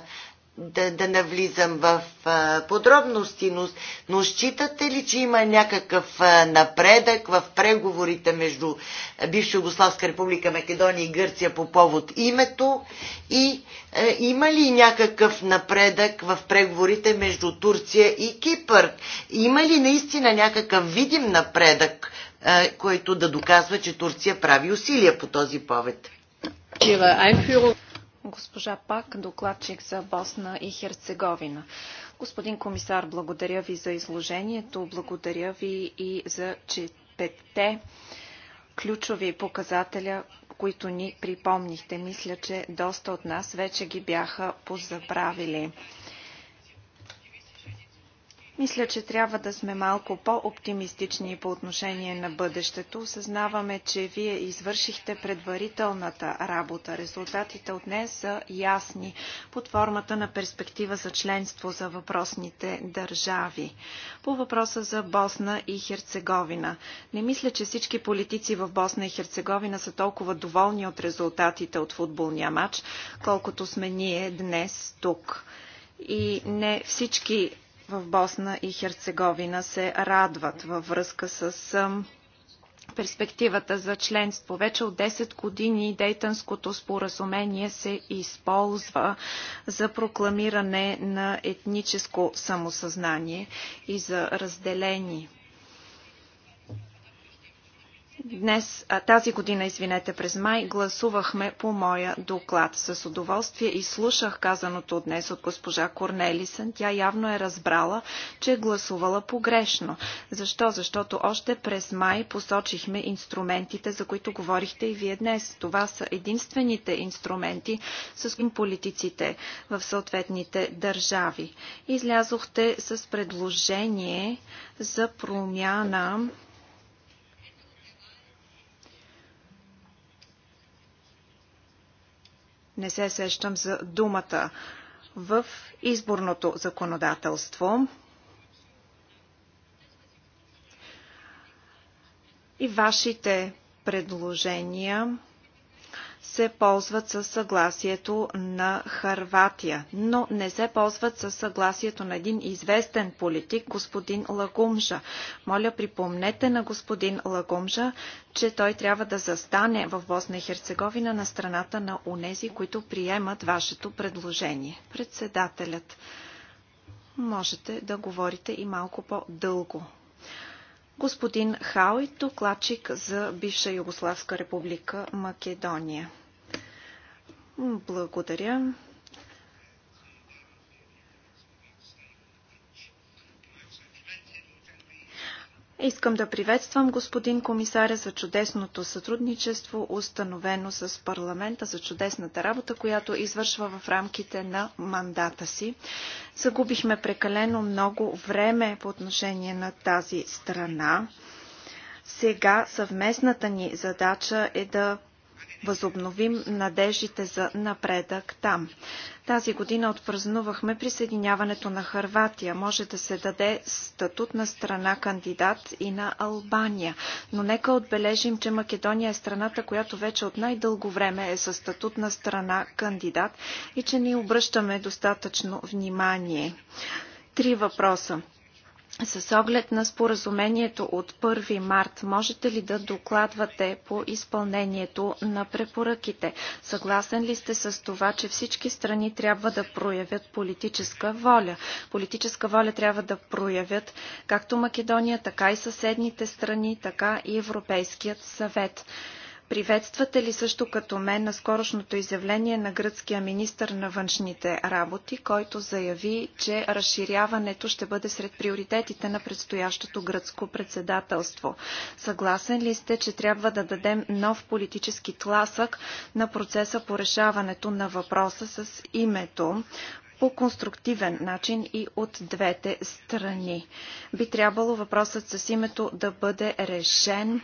[SPEAKER 4] да, да навлизам в а, подробности, но, но считате ли, че има някакъв а, напредък в преговорите между бивша Югославска република Македония и Гърция по повод името и а, има ли някакъв напредък в преговорите между Турция и Кипър? Има ли наистина някакъв видим напредък, а, който да доказва, че Турция прави усилия по този повед?
[SPEAKER 2] госпожа Пак, докладчик за Босна и Херцеговина. Господин комисар, благодаря ви за изложението, благодаря ви и за четете ключови показателя, които ни припомнихте. Мисля, че доста от нас вече ги бяха позабравили. Мисля, че трябва да сме малко по-оптимистични по отношение на бъдещето. съзнаваме, че вие извършихте предварителната работа. Резултатите от нея са ясни под формата на перспектива за членство за въпросните държави. По въпроса за Босна и Херцеговина. Не мисля, че всички политици в Босна и Херцеговина са толкова доволни от резултатите от футболния матч, колкото сме ние днес тук. И не всички в Босна и Херцеговина се радват във връзка с перспективата за членство. Вече от 10 години дейтанското споразумение се използва за прокламиране на етническо самосъзнание и за разделение. Днес, тази година, извинете, през май гласувахме по моя доклад. С удоволствие и слушах казаното днес от госпожа Корнелисън. Тя явно е разбрала, че е гласувала погрешно. Защо? Защото още през май посочихме инструментите, за които говорихте и вие днес. Това са единствените инструменти, с политиците в съответните държави. Излязохте с предложение за промяна не се сещам за думата в изборното законодателство. И вашите предложения се ползват със съгласието на Харватия, но не се ползват със съгласието на един известен политик, господин Лагумжа. Моля, припомнете на господин Лагумжа, че той трябва да застане в Босна и Херцеговина на страната на унези, които приемат вашето предложение. Председателят, можете да говорите и малко по-дълго господин Хауи, докладчик за бивша Югославска република Македония. Благодаря. Искам да приветствам господин комисаря за чудесното сътрудничество, установено с парламента, за чудесната работа, която извършва в рамките на мандата си. Загубихме прекалено много време по отношение на тази страна. Сега съвместната ни задача е да възобновим надеждите за напредък там. Тази година отпразнувахме присъединяването на Харватия. Може да се даде статут на страна кандидат и на Албания. Но нека отбележим, че Македония е страната, която вече от най-дълго време е със статут на страна кандидат и че ни обръщаме достатъчно внимание. Три въпроса с оглед на споразумението от 1 март, можете ли да докладвате по изпълнението на препоръките? Съгласен ли сте с това, че всички страни трябва да проявят политическа воля? Политическа воля трябва да проявят както Македония, така и съседните страни, така и Европейският съвет. Приветствате ли също като мен на скорошното изявление на гръцкия министр на външните работи, който заяви, че разширяването ще бъде сред приоритетите на предстоящото гръцко председателство? Съгласен ли сте, че трябва да дадем нов политически тласък на процеса по решаването на въпроса с името? по конструктивен начин и от двете страни. Би трябвало въпросът с името да бъде решен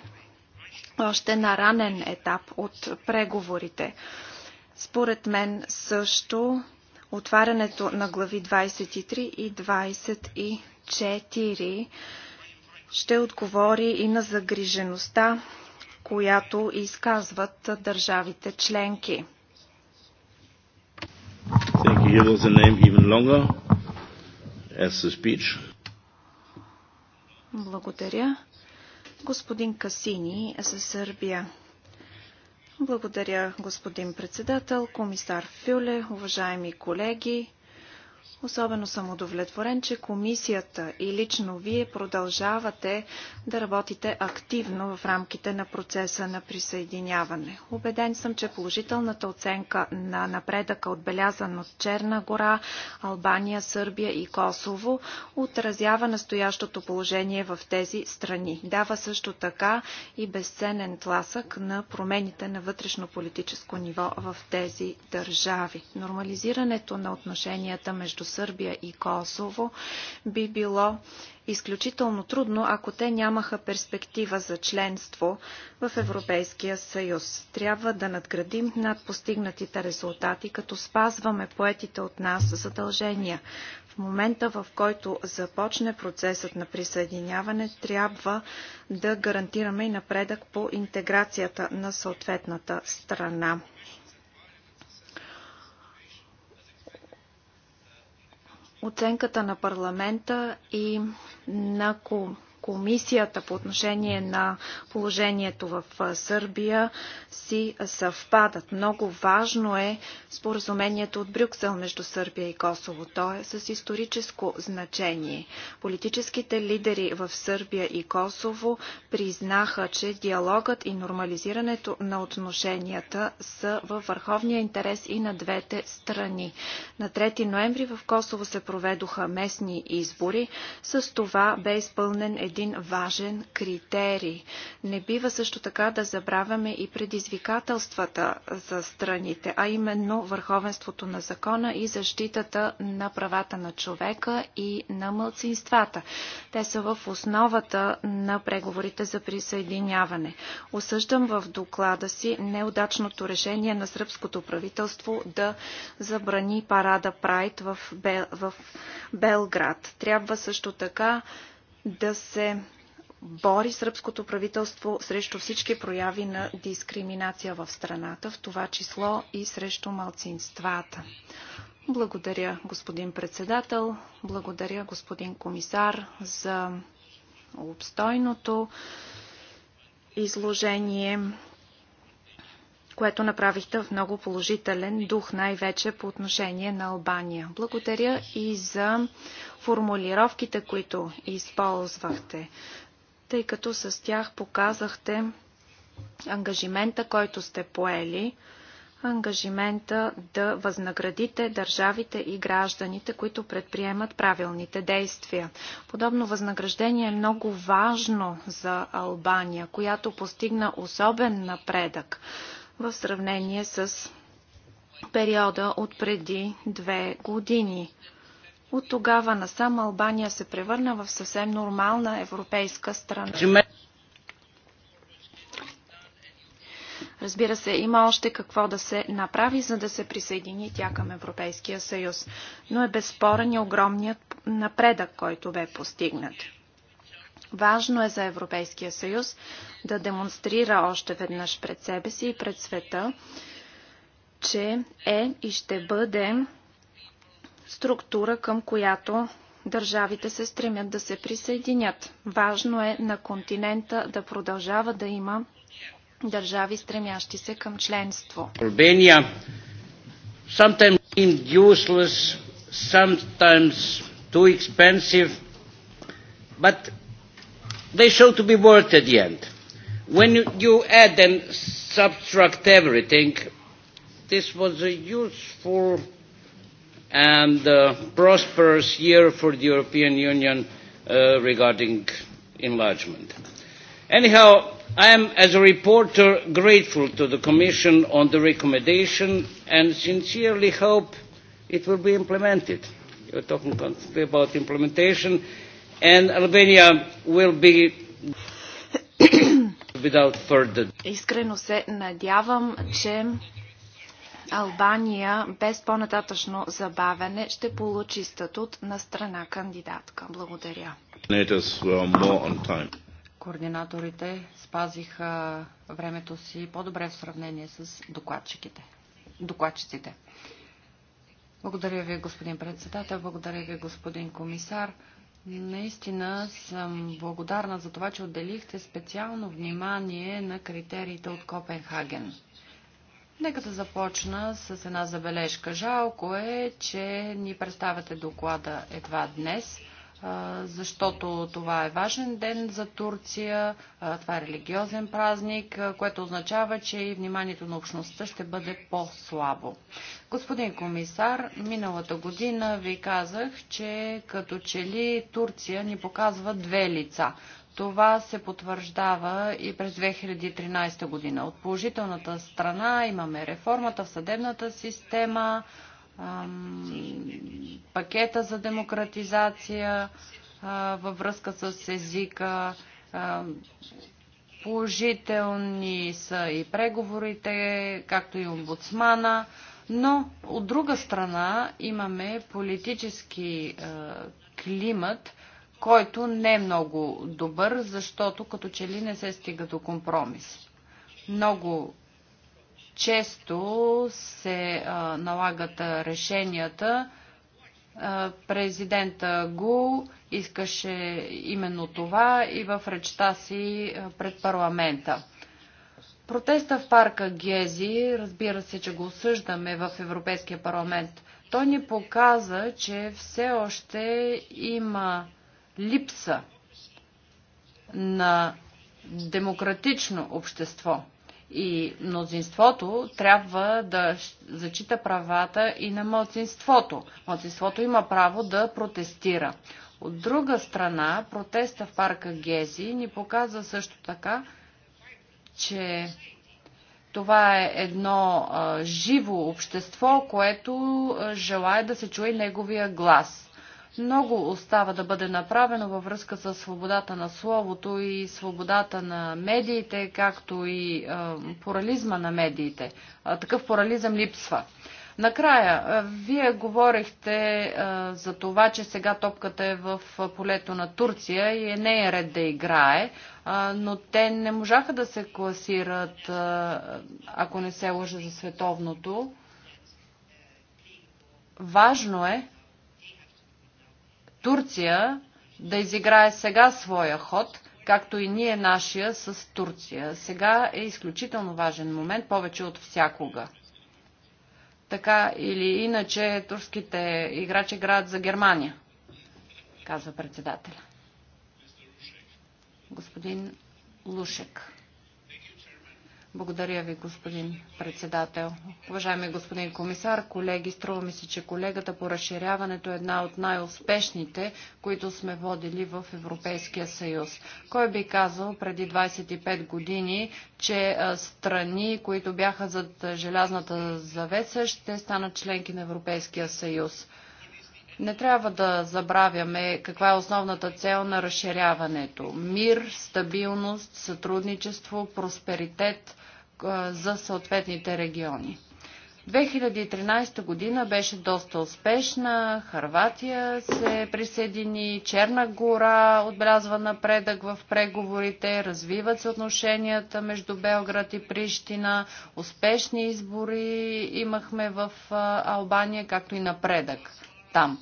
[SPEAKER 2] още на ранен етап от преговорите. Според мен също отварянето на глави 23 и 24 ще отговори и на загрижеността, която изказват държавите членки. Благодаря господин Касини е за Сърбия. Благодаря, господин председател, комисар Фюле, уважаеми колеги. Особено съм удовлетворен, че комисията и лично вие продължавате да работите активно в рамките на процеса на присъединяване. Обеден съм, че положителната оценка на напредъка, отбелязан от Черна гора, Албания, Сърбия и Косово, отразява настоящото положение в тези страни. Дава също така и безценен тласък на промените на вътрешно-политическо ниво в тези държави. Нормализирането на отношенията между Сърбия и Косово, би било изключително трудно, ако те нямаха перспектива за членство в Европейския съюз. Трябва да надградим над постигнатите резултати, като спазваме поетите от нас задължения. В момента, в който започне процесът на присъединяване, трябва да гарантираме и напредък по интеграцията на съответната страна. оценката на парламента и на комисията по отношение на положението в Сърбия си съвпадат. Много важно е споразумението от Брюксел между Сърбия и Косово. То е с историческо значение. Политическите лидери в Сърбия и Косово признаха, че диалогът и нормализирането на отношенията са във върховния интерес и на двете страни. На 3 ноември в Косово се проведоха местни избори. С това бе изпълнен един един важен критерий. Не бива също така да забравяме и предизвикателствата за страните, а именно върховенството на закона и защитата на правата на човека и на мълцинствата. Те са в основата на преговорите за присъединяване. Осъждам в доклада си неудачното решение на сръбското правителство да забрани парада Прайд в, Бел... в Белград. Трябва също така да се бори сръбското правителство срещу всички прояви на дискриминация в страната, в това число и срещу малцинствата. Благодаря, господин председател, благодаря, господин комисар, за обстойното изложение което направихте в много положителен дух, най-вече по отношение на Албания. Благодаря и за формулировките, които използвахте, тъй като с тях показахте ангажимента, който сте поели, ангажимента да възнаградите държавите и гражданите, които предприемат правилните действия. Подобно възнаграждение е много важно за Албания, която постигна особен напредък в сравнение с периода от преди две години. От тогава насам Албания се превърна в съвсем нормална европейска страна. Разбира се, има още какво да се направи, за да се присъедини тя към Европейския съюз, но е безспорен и огромният напредък, който бе постигнат. Важно е за Европейския съюз да демонстрира още веднъж пред себе си и пред света, че е и ще бъде структура, към която държавите се стремят да се присъединят. Важно е на континента да продължава да има държави, стремящи се към членство.
[SPEAKER 4] sometimes too expensive, but they show to be worth at the end. When you, you add and subtract everything, this was a useful and uh, prosperous year for the European Union uh, regarding enlargement. Anyhow, I am, as a reporter, grateful to the Commission on the recommendation and sincerely hope it will be implemented. You're talking constantly
[SPEAKER 3] about implementation and Albania will be
[SPEAKER 4] without further.
[SPEAKER 2] Искрено се надявам, че Албания без по-нататъчно забавяне ще получи статут на страна
[SPEAKER 3] кандидатка. Благодаря. Координаторите спазиха времето си по-добре в сравнение с докладчиките. докладчиците. Благодаря ви, господин председател, благодаря ви, господин комисар. Наистина съм благодарна за това, че отделихте специално внимание на критериите от Копенхаген. Нека да започна с една забележка. Жалко е, че ни представяте доклада едва днес – защото това е важен ден за Турция, това е религиозен празник, което означава, че и вниманието на общността ще бъде по-слабо. Господин комисар, миналата година ви казах, че като че ли Турция ни показва две лица. Това се потвърждава и през 2013 година. От положителната страна имаме реформата в съдебната система, пакета за демократизация във връзка с езика. Положителни са и преговорите, както и омбудсмана, но от друга страна имаме политически климат, който не е много добър, защото като че ли не се стига до компромис. Много често се а, налагат решенията. А, президента ГУ искаше именно това и в речта си пред парламента. Протеста в парка Гези, разбира се, че го осъждаме в Европейския парламент, той ни показа, че все още има липса на демократично общество – и мнозинството трябва да зачита правата и на младсинството. Младсинството има право да протестира. От друга страна, протеста в парка Гези ни показва също така, че това е едно а, живо общество, което а, желая да се чуе неговия глас. Много остава да бъде направено във връзка с свободата на словото и свободата на медиите, както и порализма на медиите. Такъв порализъм липсва. Накрая, вие говорихте за това, че сега топката е в полето на Турция и не е ред да играе, но те не можаха да се класират, ако не се лъжа за световното. Важно е Турция да изиграе сега своя ход, както и ние нашия с Турция. Сега е изключително важен момент, повече от всякога. Така или иначе, турските играчи играят за Германия, казва председателя. Господин Лушек. Благодаря ви, господин председател. Уважаеми господин комисар, колеги, струва ми се, че колегата по разширяването е една от най-успешните, които сме водили в Европейския съюз. Кой би казал преди 25 години, че страни, които бяха зад желязната завеса, ще станат членки на Европейския съюз? Не трябва да забравяме каква е основната цел на разширяването. Мир, стабилност, сътрудничество, просперитет за съответните региони. 2013 година беше доста успешна. Харватия се присъедини, Черна гора отбелязва напредък в преговорите, развиват се отношенията между Белград и Прищина, успешни избори имахме в Албания, както и напредък там.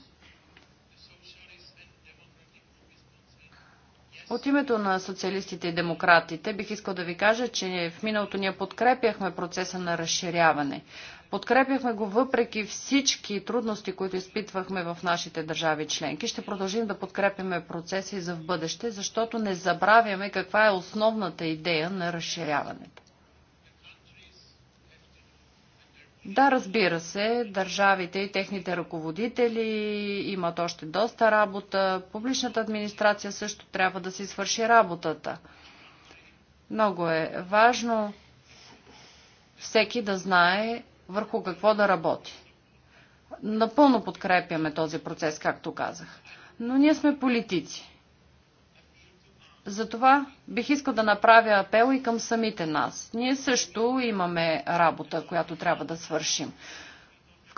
[SPEAKER 3] От името на социалистите и демократите бих искал да ви кажа, че в миналото ние подкрепяхме процеса на разширяване. Подкрепяхме го въпреки всички трудности, които изпитвахме в нашите държави членки. Ще продължим да подкрепяме процеси за в бъдеще, защото не забравяме каква е основната идея на разширяването. Да, разбира се, държавите и техните ръководители имат още доста работа. Публичната администрация също трябва да си свърши работата. Много е важно всеки да знае върху какво да работи. Напълно подкрепяме този процес, както казах. Но ние сме политици. Затова бих искал да направя апел и към самите нас. Ние също имаме работа, която трябва да свършим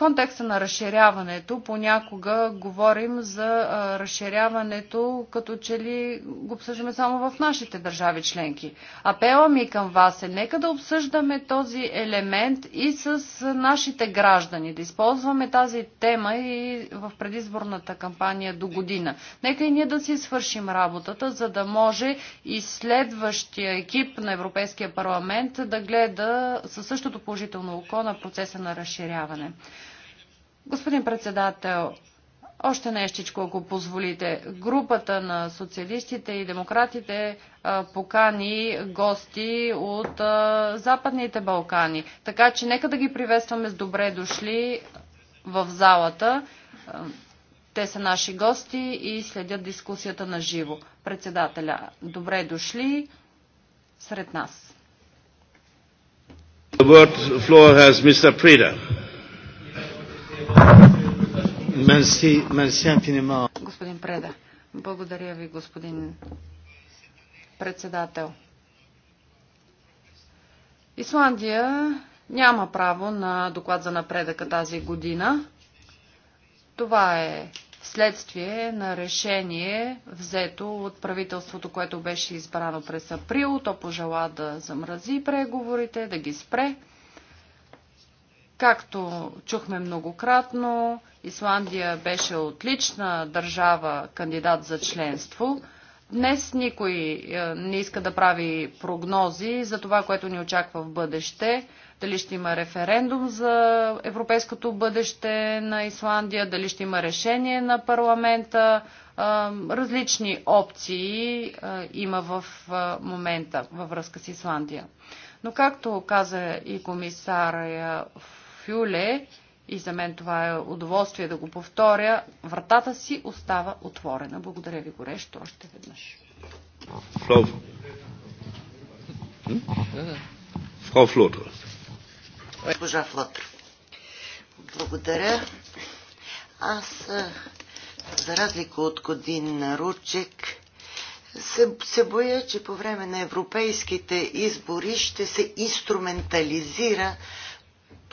[SPEAKER 3] контекста на разширяването понякога говорим за разширяването, като че ли го обсъждаме само в нашите държави членки. Апела ми към вас е нека да обсъждаме този елемент и с нашите граждани, да използваме тази тема и в предизборната кампания до година. Нека и ние да си свършим работата, за да може и следващия екип на Европейския парламент да гледа със същото положително око на процеса на разширяване. Господин председател, още нещичко, ако позволите. Групата на социалистите и демократите покани гости от Западните Балкани. Така че нека да ги приветстваме с добре дошли в залата. Те са наши гости и следят дискусията на живо. Председателя, добре дошли сред нас.
[SPEAKER 1] The word floor has Mr.
[SPEAKER 3] Господин Преда, благодаря ви, господин председател. Исландия няма право на доклад за напредъка тази година. Това е следствие на решение, взето от правителството, което беше избрано през април. То пожела да замрази преговорите, да ги спре. Както чухме многократно, Исландия беше отлична държава, кандидат за членство. Днес никой е, не иска да прави прогнози за това, което ни очаква в бъдеще. Дали ще има референдум за европейското бъдеще на Исландия, дали ще има решение на парламента. Е, различни опции е, има в момента във връзка с Исландия. Но както каза и комисар Фюле, и за мен това е удоволствие да го повторя, вратата си остава отворена. Благодаря ви горещо още веднъж.
[SPEAKER 1] Фрау, Флотра.
[SPEAKER 4] Госпожа Флотра. Благодаря. Аз, е, за разлика от Кодин Ручек, се, се боя, че по време на европейските избори ще се инструментализира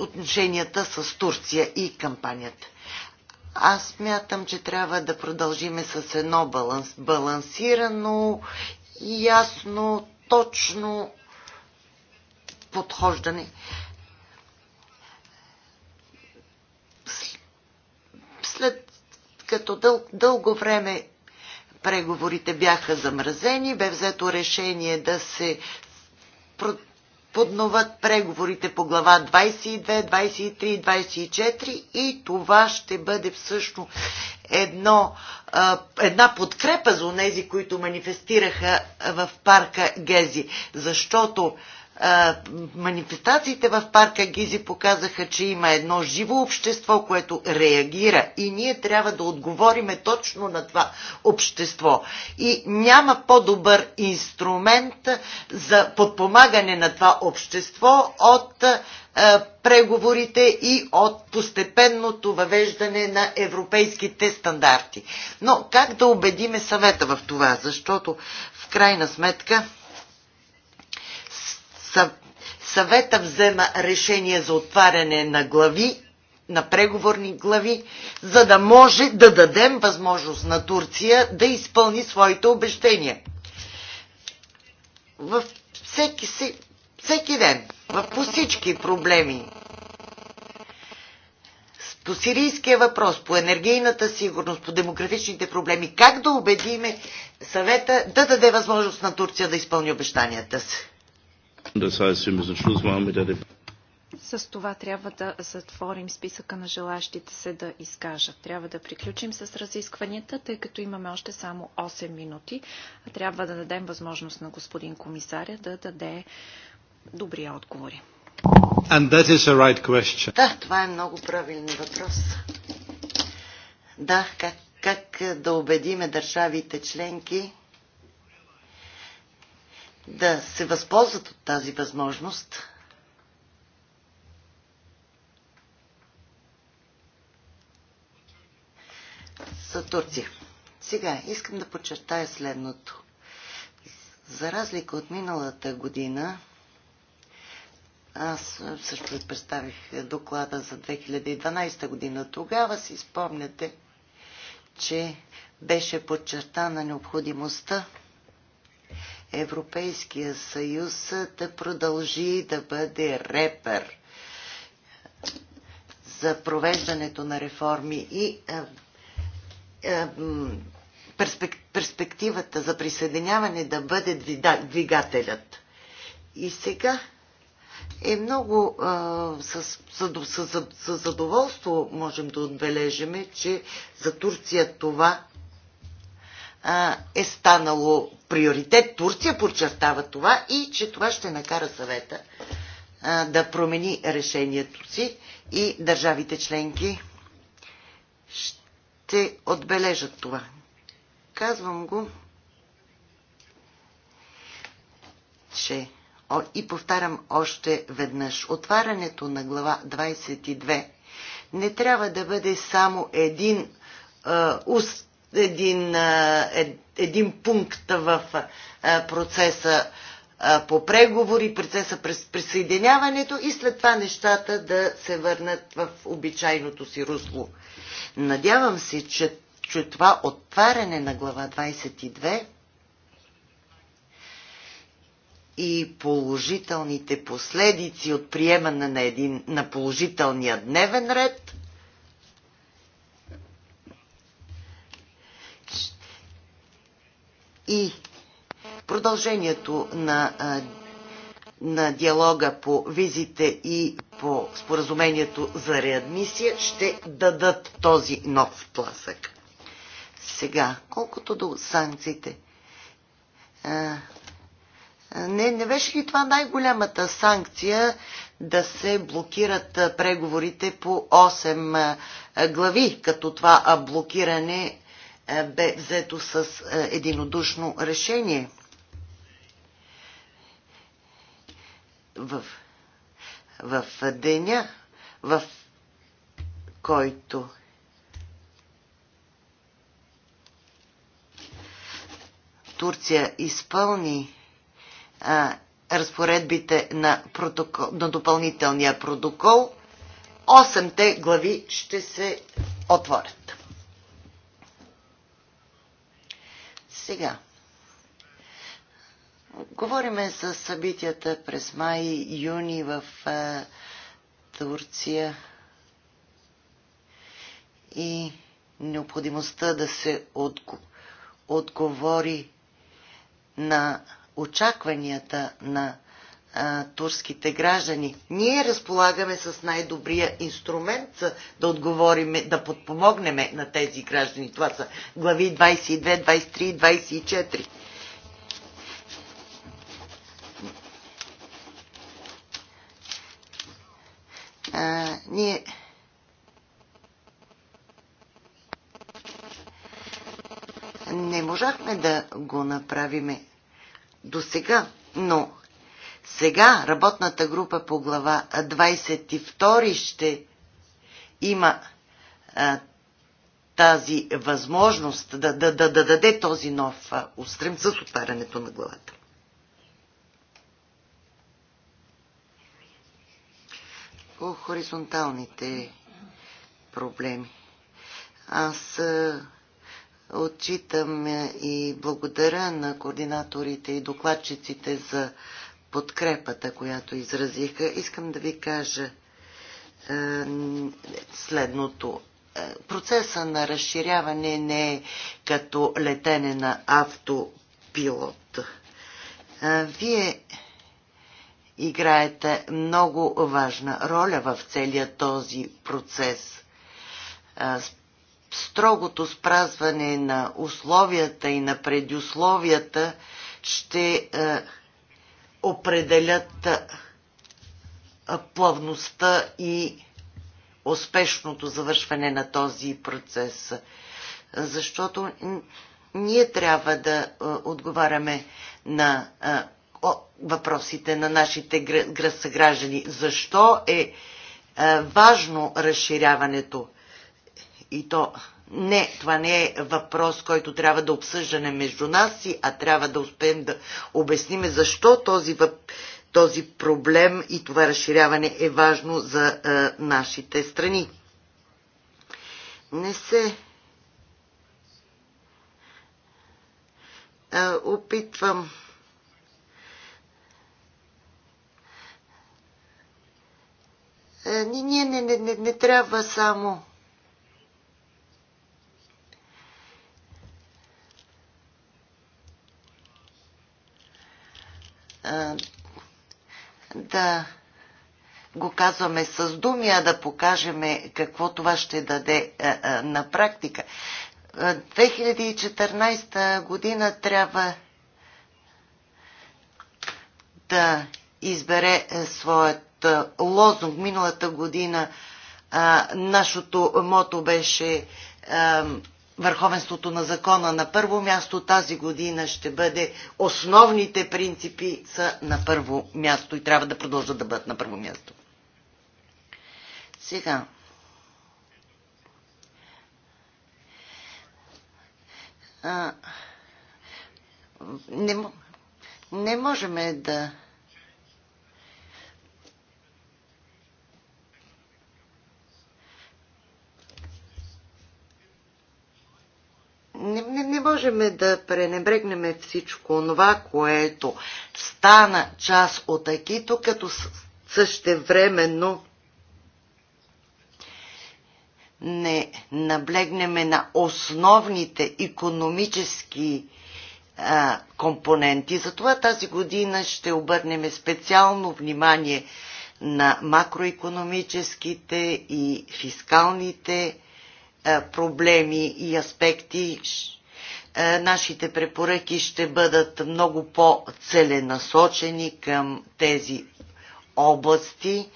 [SPEAKER 4] отношенията с Турция и кампанията. Аз мятам, че трябва да продължиме с едно баланс, балансирано, ясно, точно подхождане. След като дъл, дълго време преговорите бяха замразени, бе взето решение да се подноват преговорите по глава 22, 23, 24 и това ще бъде всъщност едно, една подкрепа за тези, които манифестираха в парка Гези. Защото манифестациите в парка Гизи показаха, че има едно живо общество, което реагира и ние трябва да отговориме точно на това общество. И няма по-добър инструмент за подпомагане на това общество от преговорите и от постепенното въвеждане на европейските стандарти. Но как да убедиме съвета в това? Защото в крайна сметка съвета взема решение за отваряне на глави, на преговорни глави, за да може да дадем възможност на Турция да изпълни своите обещения. Във всеки, всеки ден, в по всички проблеми, по сирийския въпрос, по енергийната сигурност, по демократичните проблеми, как да убедиме съвета да даде възможност на Турция да изпълни обещанията си?
[SPEAKER 2] С това трябва да затворим списъка на желащите се да изкажат. Трябва да приключим с разискванията, тъй като имаме още само 8 минути. трябва да дадем възможност на господин комисаря да
[SPEAKER 4] даде добри отговори.
[SPEAKER 1] And that is a right question.
[SPEAKER 4] Да, това е много правилен въпрос. Да, как, как да убедиме държавите членки да се възползват от тази възможност. За Турция. Сега искам да подчертая следното. За разлика от миналата година, аз също ви представих доклада за 2012 година. Тогава си спомняте, че беше подчертана необходимостта Европейския съюз да продължи да бъде репер за провеждането на реформи и перспективата за присъединяване да бъде двигателят. И сега е много с, задоволство можем да отбележиме, че за Турция това е станало приоритет Турция подчертава това и че това ще накара съвета а, да промени решението си и държавите членки ще отбележат това. Казвам го, че и повтарям още веднъж, отварянето на глава 22 не трябва да бъде само един е, уст един, един пункт в процеса по преговори, процеса през присъединяването и след това нещата да се върнат в обичайното си русло. Надявам се, че, че това отваряне на глава 22 и положителните последици от приемане на, един, на положителния дневен ред и продължението на, на диалога по визите и по споразумението за реадмисия ще дадат този нов пласък. Сега, колкото до санкциите, не, не беше ли това най-голямата санкция да се блокират преговорите по 8 глави, като това блокиране е, бе взето с е, единодушно решение. В, в деня, в който Турция изпълни а, разпоредбите на, протокол, на допълнителния протокол, 8-те глави ще се отворят. Сега. Говориме за събитията през май юни в е, Турция и необходимостта да се отго... отговори на очакванията на турските граждани. Ние разполагаме с най-добрия инструмент да отговориме, да подпомогнеме на тези граждани. Това са глави 22, 23, 24. А, ние не можахме да го направиме до сега, но сега работната група по глава 22 ще има а, тази възможност да, да, да, да даде този нов устрем с отварянето на главата. По хоризонталните проблеми. Аз отчитам и благодаря на координаторите и докладчиците за подкрепата, която изразиха. Искам да ви кажа е, следното. Е, процеса на разширяване не е като летене на автопилот. Е, вие играете много важна роля в целия този процес. Е, строгото спразване на условията и на предусловията ще е, определят плавността и успешното завършване на този процес. Защото ние трябва да отговаряме на въпросите на нашите съграждани. Защо е важно разширяването? И то не, това не е въпрос, който трябва да обсъждаме между нас си, а трябва да успеем да обясниме защо този, въп, този проблем и това разширяване е важно за а, е, нашите страни. Не се а, е, опитвам а, е, ние не, не, не, не трябва само да го казваме с думи, а да покажем какво това ще даде на практика. 2014 година трябва да избере своят лозунг. Миналата година нашото мото беше върховенството на закона. На първо място тази година ще бъде основните принципи са на първо място и трябва да продължат да бъдат на първо място. Сега. А, не, не можем да не, не, не можем да пренебрегнем всичко това, което стана част от Акито, като същевременно не наблегнеме на основните економически а, компоненти. Затова тази година ще обърнем специално внимание на макроекономическите и фискалните проблеми и аспекти, нашите препоръки ще бъдат много по-целенасочени към тези области.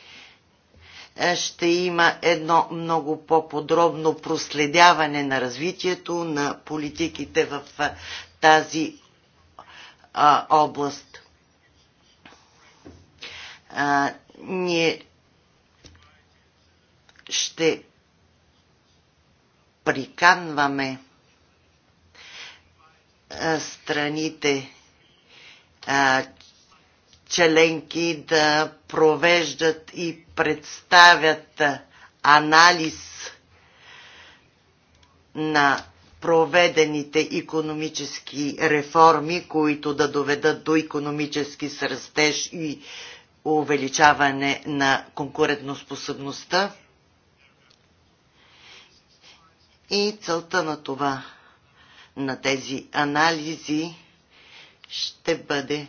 [SPEAKER 4] Ще има едно много по-подробно проследяване на развитието на политиките в тази област. Ние ще приканваме страните членки да провеждат и представят анализ на проведените економически реформи, които да доведат до економически срастеж и увеличаване на конкурентоспособността. И целта на това, на тези анализи, ще бъде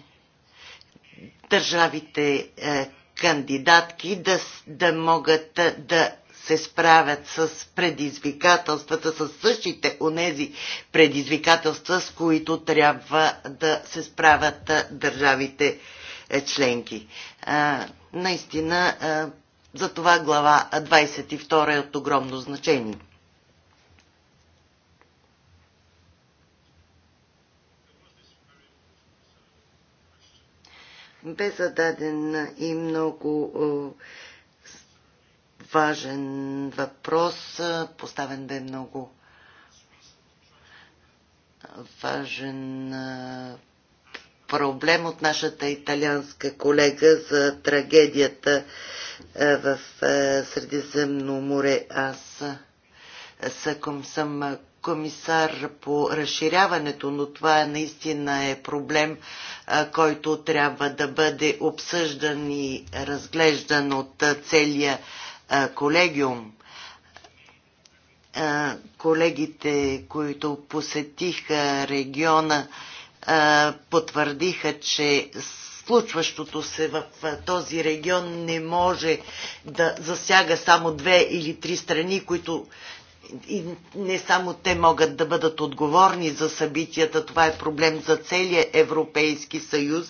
[SPEAKER 4] държавите е, кандидатки да, да могат е, да се справят с предизвикателствата, с същите онези предизвикателства, с които трябва да се справят е, държавите е, членки. А, наистина, а, за това глава 22 е от огромно значение. бе зададен и много е, важен въпрос. Е, поставен бе много важен е, проблем от нашата италианска колега за трагедията в Средиземно море. Аз съм комисар по разширяването, но това наистина е проблем, който трябва да бъде обсъждан и разглеждан от целия колегиум. Колегите, които посетиха региона, потвърдиха, че случващото се в този регион не може да засяга само две или три страни, които и не само те могат да бъдат отговорни за събитията, това е проблем за целия Европейски съюз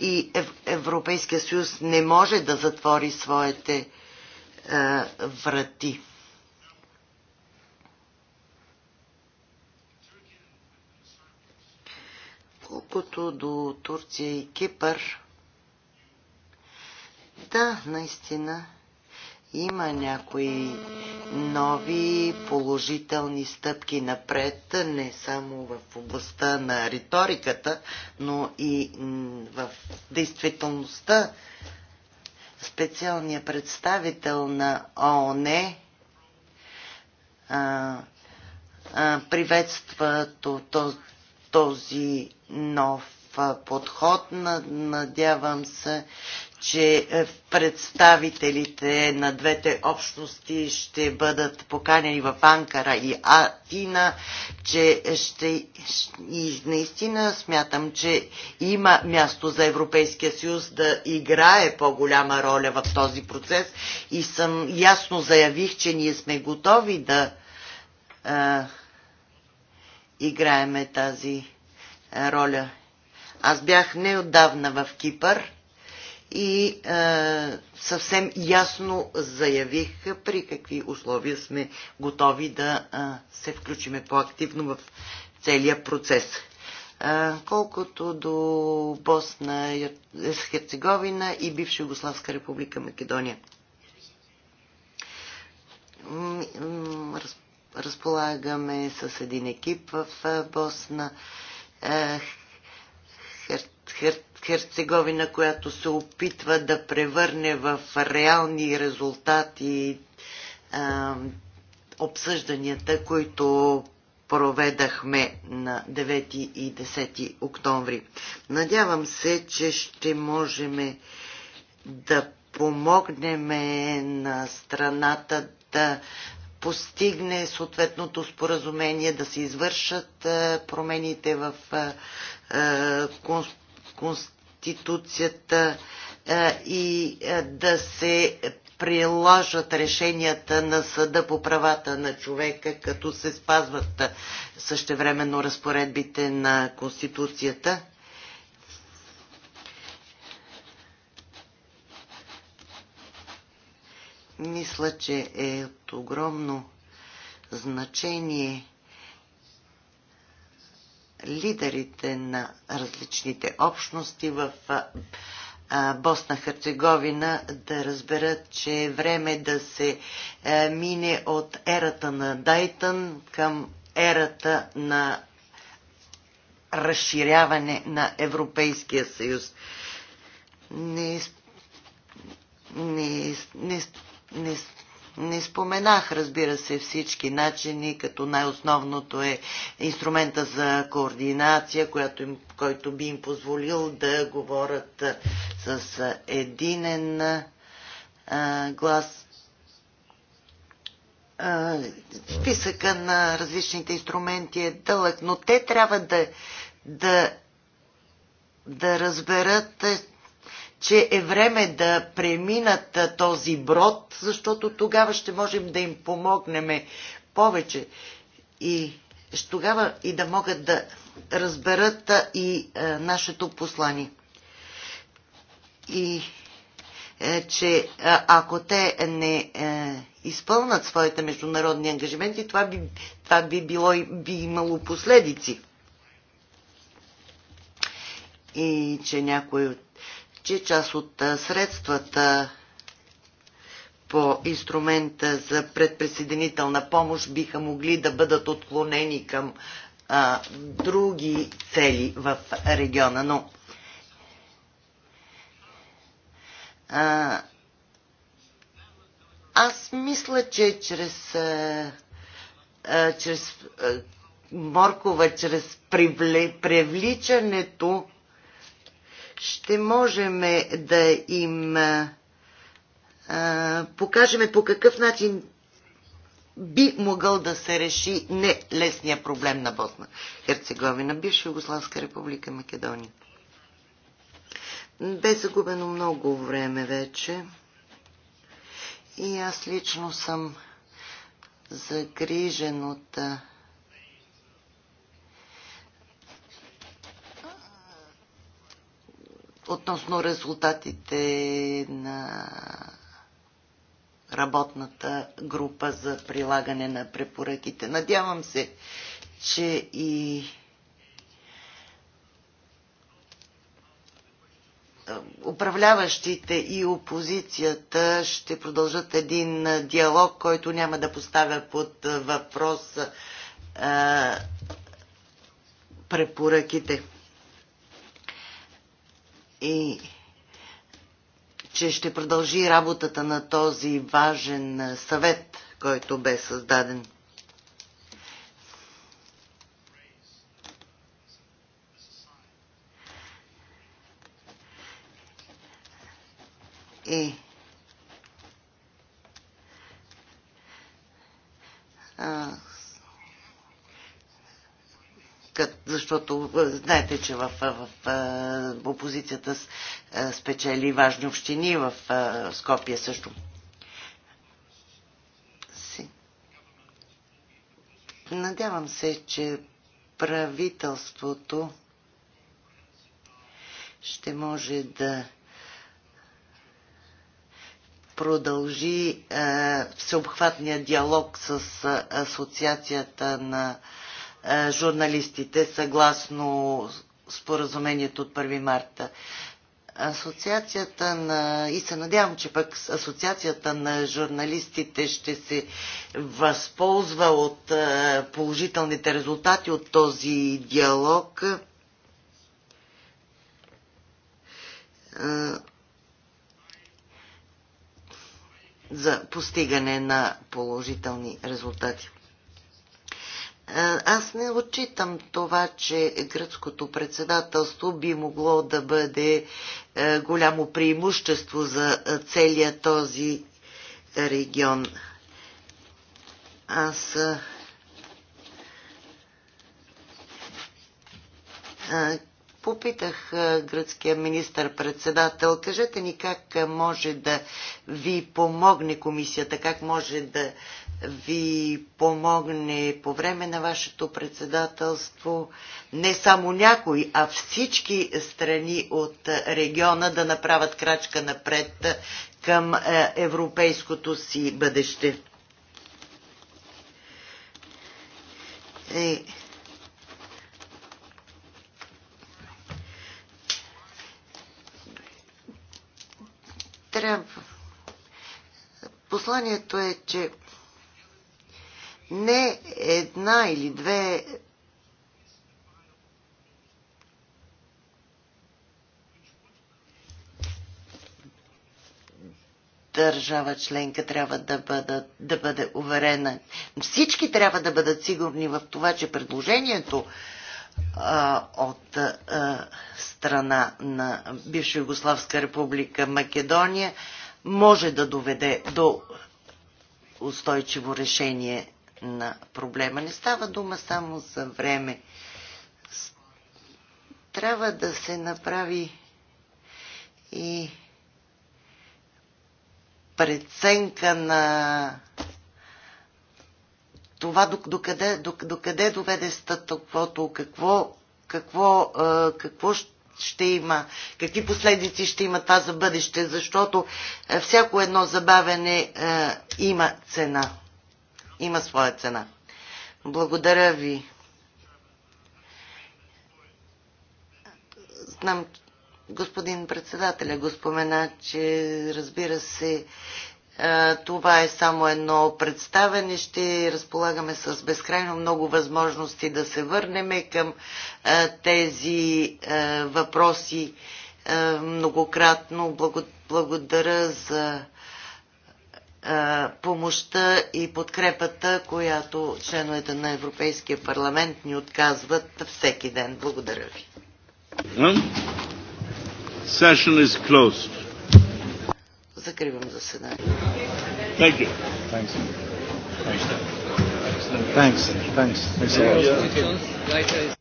[SPEAKER 4] и Европейския съюз не може да затвори своите е, врати. Колкото до Турция и Кипър, да, наистина има някои нови положителни стъпки напред, не само в областта на риториката, но и в действителността. Специалният представител на ООН а, а, приветства този нов подход. Надявам се, че е, представителите на двете общности ще бъдат поканени в Анкара и Атина, че ще и наистина смятам, че има място за Европейския съюз да играе по-голяма роля в този процес и съм ясно заявих, че ние сме готови да а, е, играеме тази роля. Аз бях неотдавна в Кипър и е, съвсем ясно заявих при какви условия сме готови да е, се включиме по-активно в целия процес. е, колкото до Босна Херцеговина и бивша Югославска република Македония. Разполагаме с един екип в е, Босна Херцеговина. Хер, Херцеговина, която се опитва да превърне в реални резултати а, обсъжданията, които проведахме на 9 и 10 октомври. Надявам се, че ще можем да помогнем на страната да постигне съответното споразумение, да се извършат промените в конституцията, Конституцията и да се приложат решенията на съда по правата на човека, като се спазват същевременно разпоредбите на Конституцията. Мисля, че е от огромно значение лидерите на различните общности в Босна Херцеговина да разберат, че е време да се мине от ерата на Дайтън към ерата на разширяване на Европейския съюз. Не, не, не, не не споменах, разбира се, всички начини, като най-основното е инструмента за координация, която им, който би им позволил да говорят с единен а, глас. А, списъка на различните инструменти е дълъг, но те трябва да, да, да разберат че е време да преминат този брод, защото тогава ще можем да им помогнем повече и тогава и да могат да разберат и е, нашето послание. И е, че ако те не е, изпълнат своите международни ангажименти, това би, това би, било, би имало последици. И че някои от че част от средствата по инструмента за предприсъединителна помощ биха могли да бъдат отклонени към а, други цели в региона. Но а, аз мисля, че чрез, а, а, чрез а, моркова, чрез привле, привличането ще можем да им покажем по какъв начин би могъл да се реши не лесния проблем на Босна Херцеговина, бивша Югославска република Македония. Бе загубено много време вече и аз лично съм загрижен от а, относно резултатите на работната група за прилагане на препоръките. Надявам се, че и управляващите и опозицията ще продължат един диалог, който няма да поставя под въпрос препоръките и е, че ще продължи работата на този важен съвет, който бе създаден. И е, защото е, знаете, че в, в, в е, опозицията е, спечели важни общини в Скопия също. Надявам се, че правителството ще може да продължи е, всеобхватния диалог с асоциацията на е, е, журналистите съгласно споразумението от 1 марта. Асоциацията на... И се надявам, че пък Асоциацията на журналистите ще се възползва от е, положителните резултати от този диалог. Е, за постигане на положителни резултати. Аз не отчитам това, че гръцкото председателство би могло да бъде е, голямо преимущество за е, целия този регион. Аз е, попитах гръцкия министър-председател, кажете ни как може да ви помогне комисията, как може да ви помогне по време на вашето председателство не само някой, а всички страни от региона да направят крачка напред към е, европейското си бъдеще. Е, трябва. Посланието е, че не една или две държава членка трябва да, бъдат, да бъде уверена. Всички трябва да бъдат сигурни в това, че предложението а, от а, страна на бивша Югославска република Македония може да доведе до устойчиво решение на проблема. Не става дума само за време. Трябва да се направи и преценка на това докъде, докъде доведе статуквото, какво, какво, какво ще има, какви последици ще има това за бъдеще, защото всяко едно забавене има цена има своя цена. Благодаря ви. Знам, господин председателя го спомена, че разбира се, това е само едно представене. Ще разполагаме с безкрайно много възможности да се върнем към тези въпроси многократно. Благодаря за е, помощта и подкрепата, която членовете на Европейския парламент ни отказват всеки ден. Благодаря ви.
[SPEAKER 1] Session is closed.
[SPEAKER 4] Закривам заседанието. Thank you. Thanks. Thanks. Thanks. Thanks. Thanks. Thanks.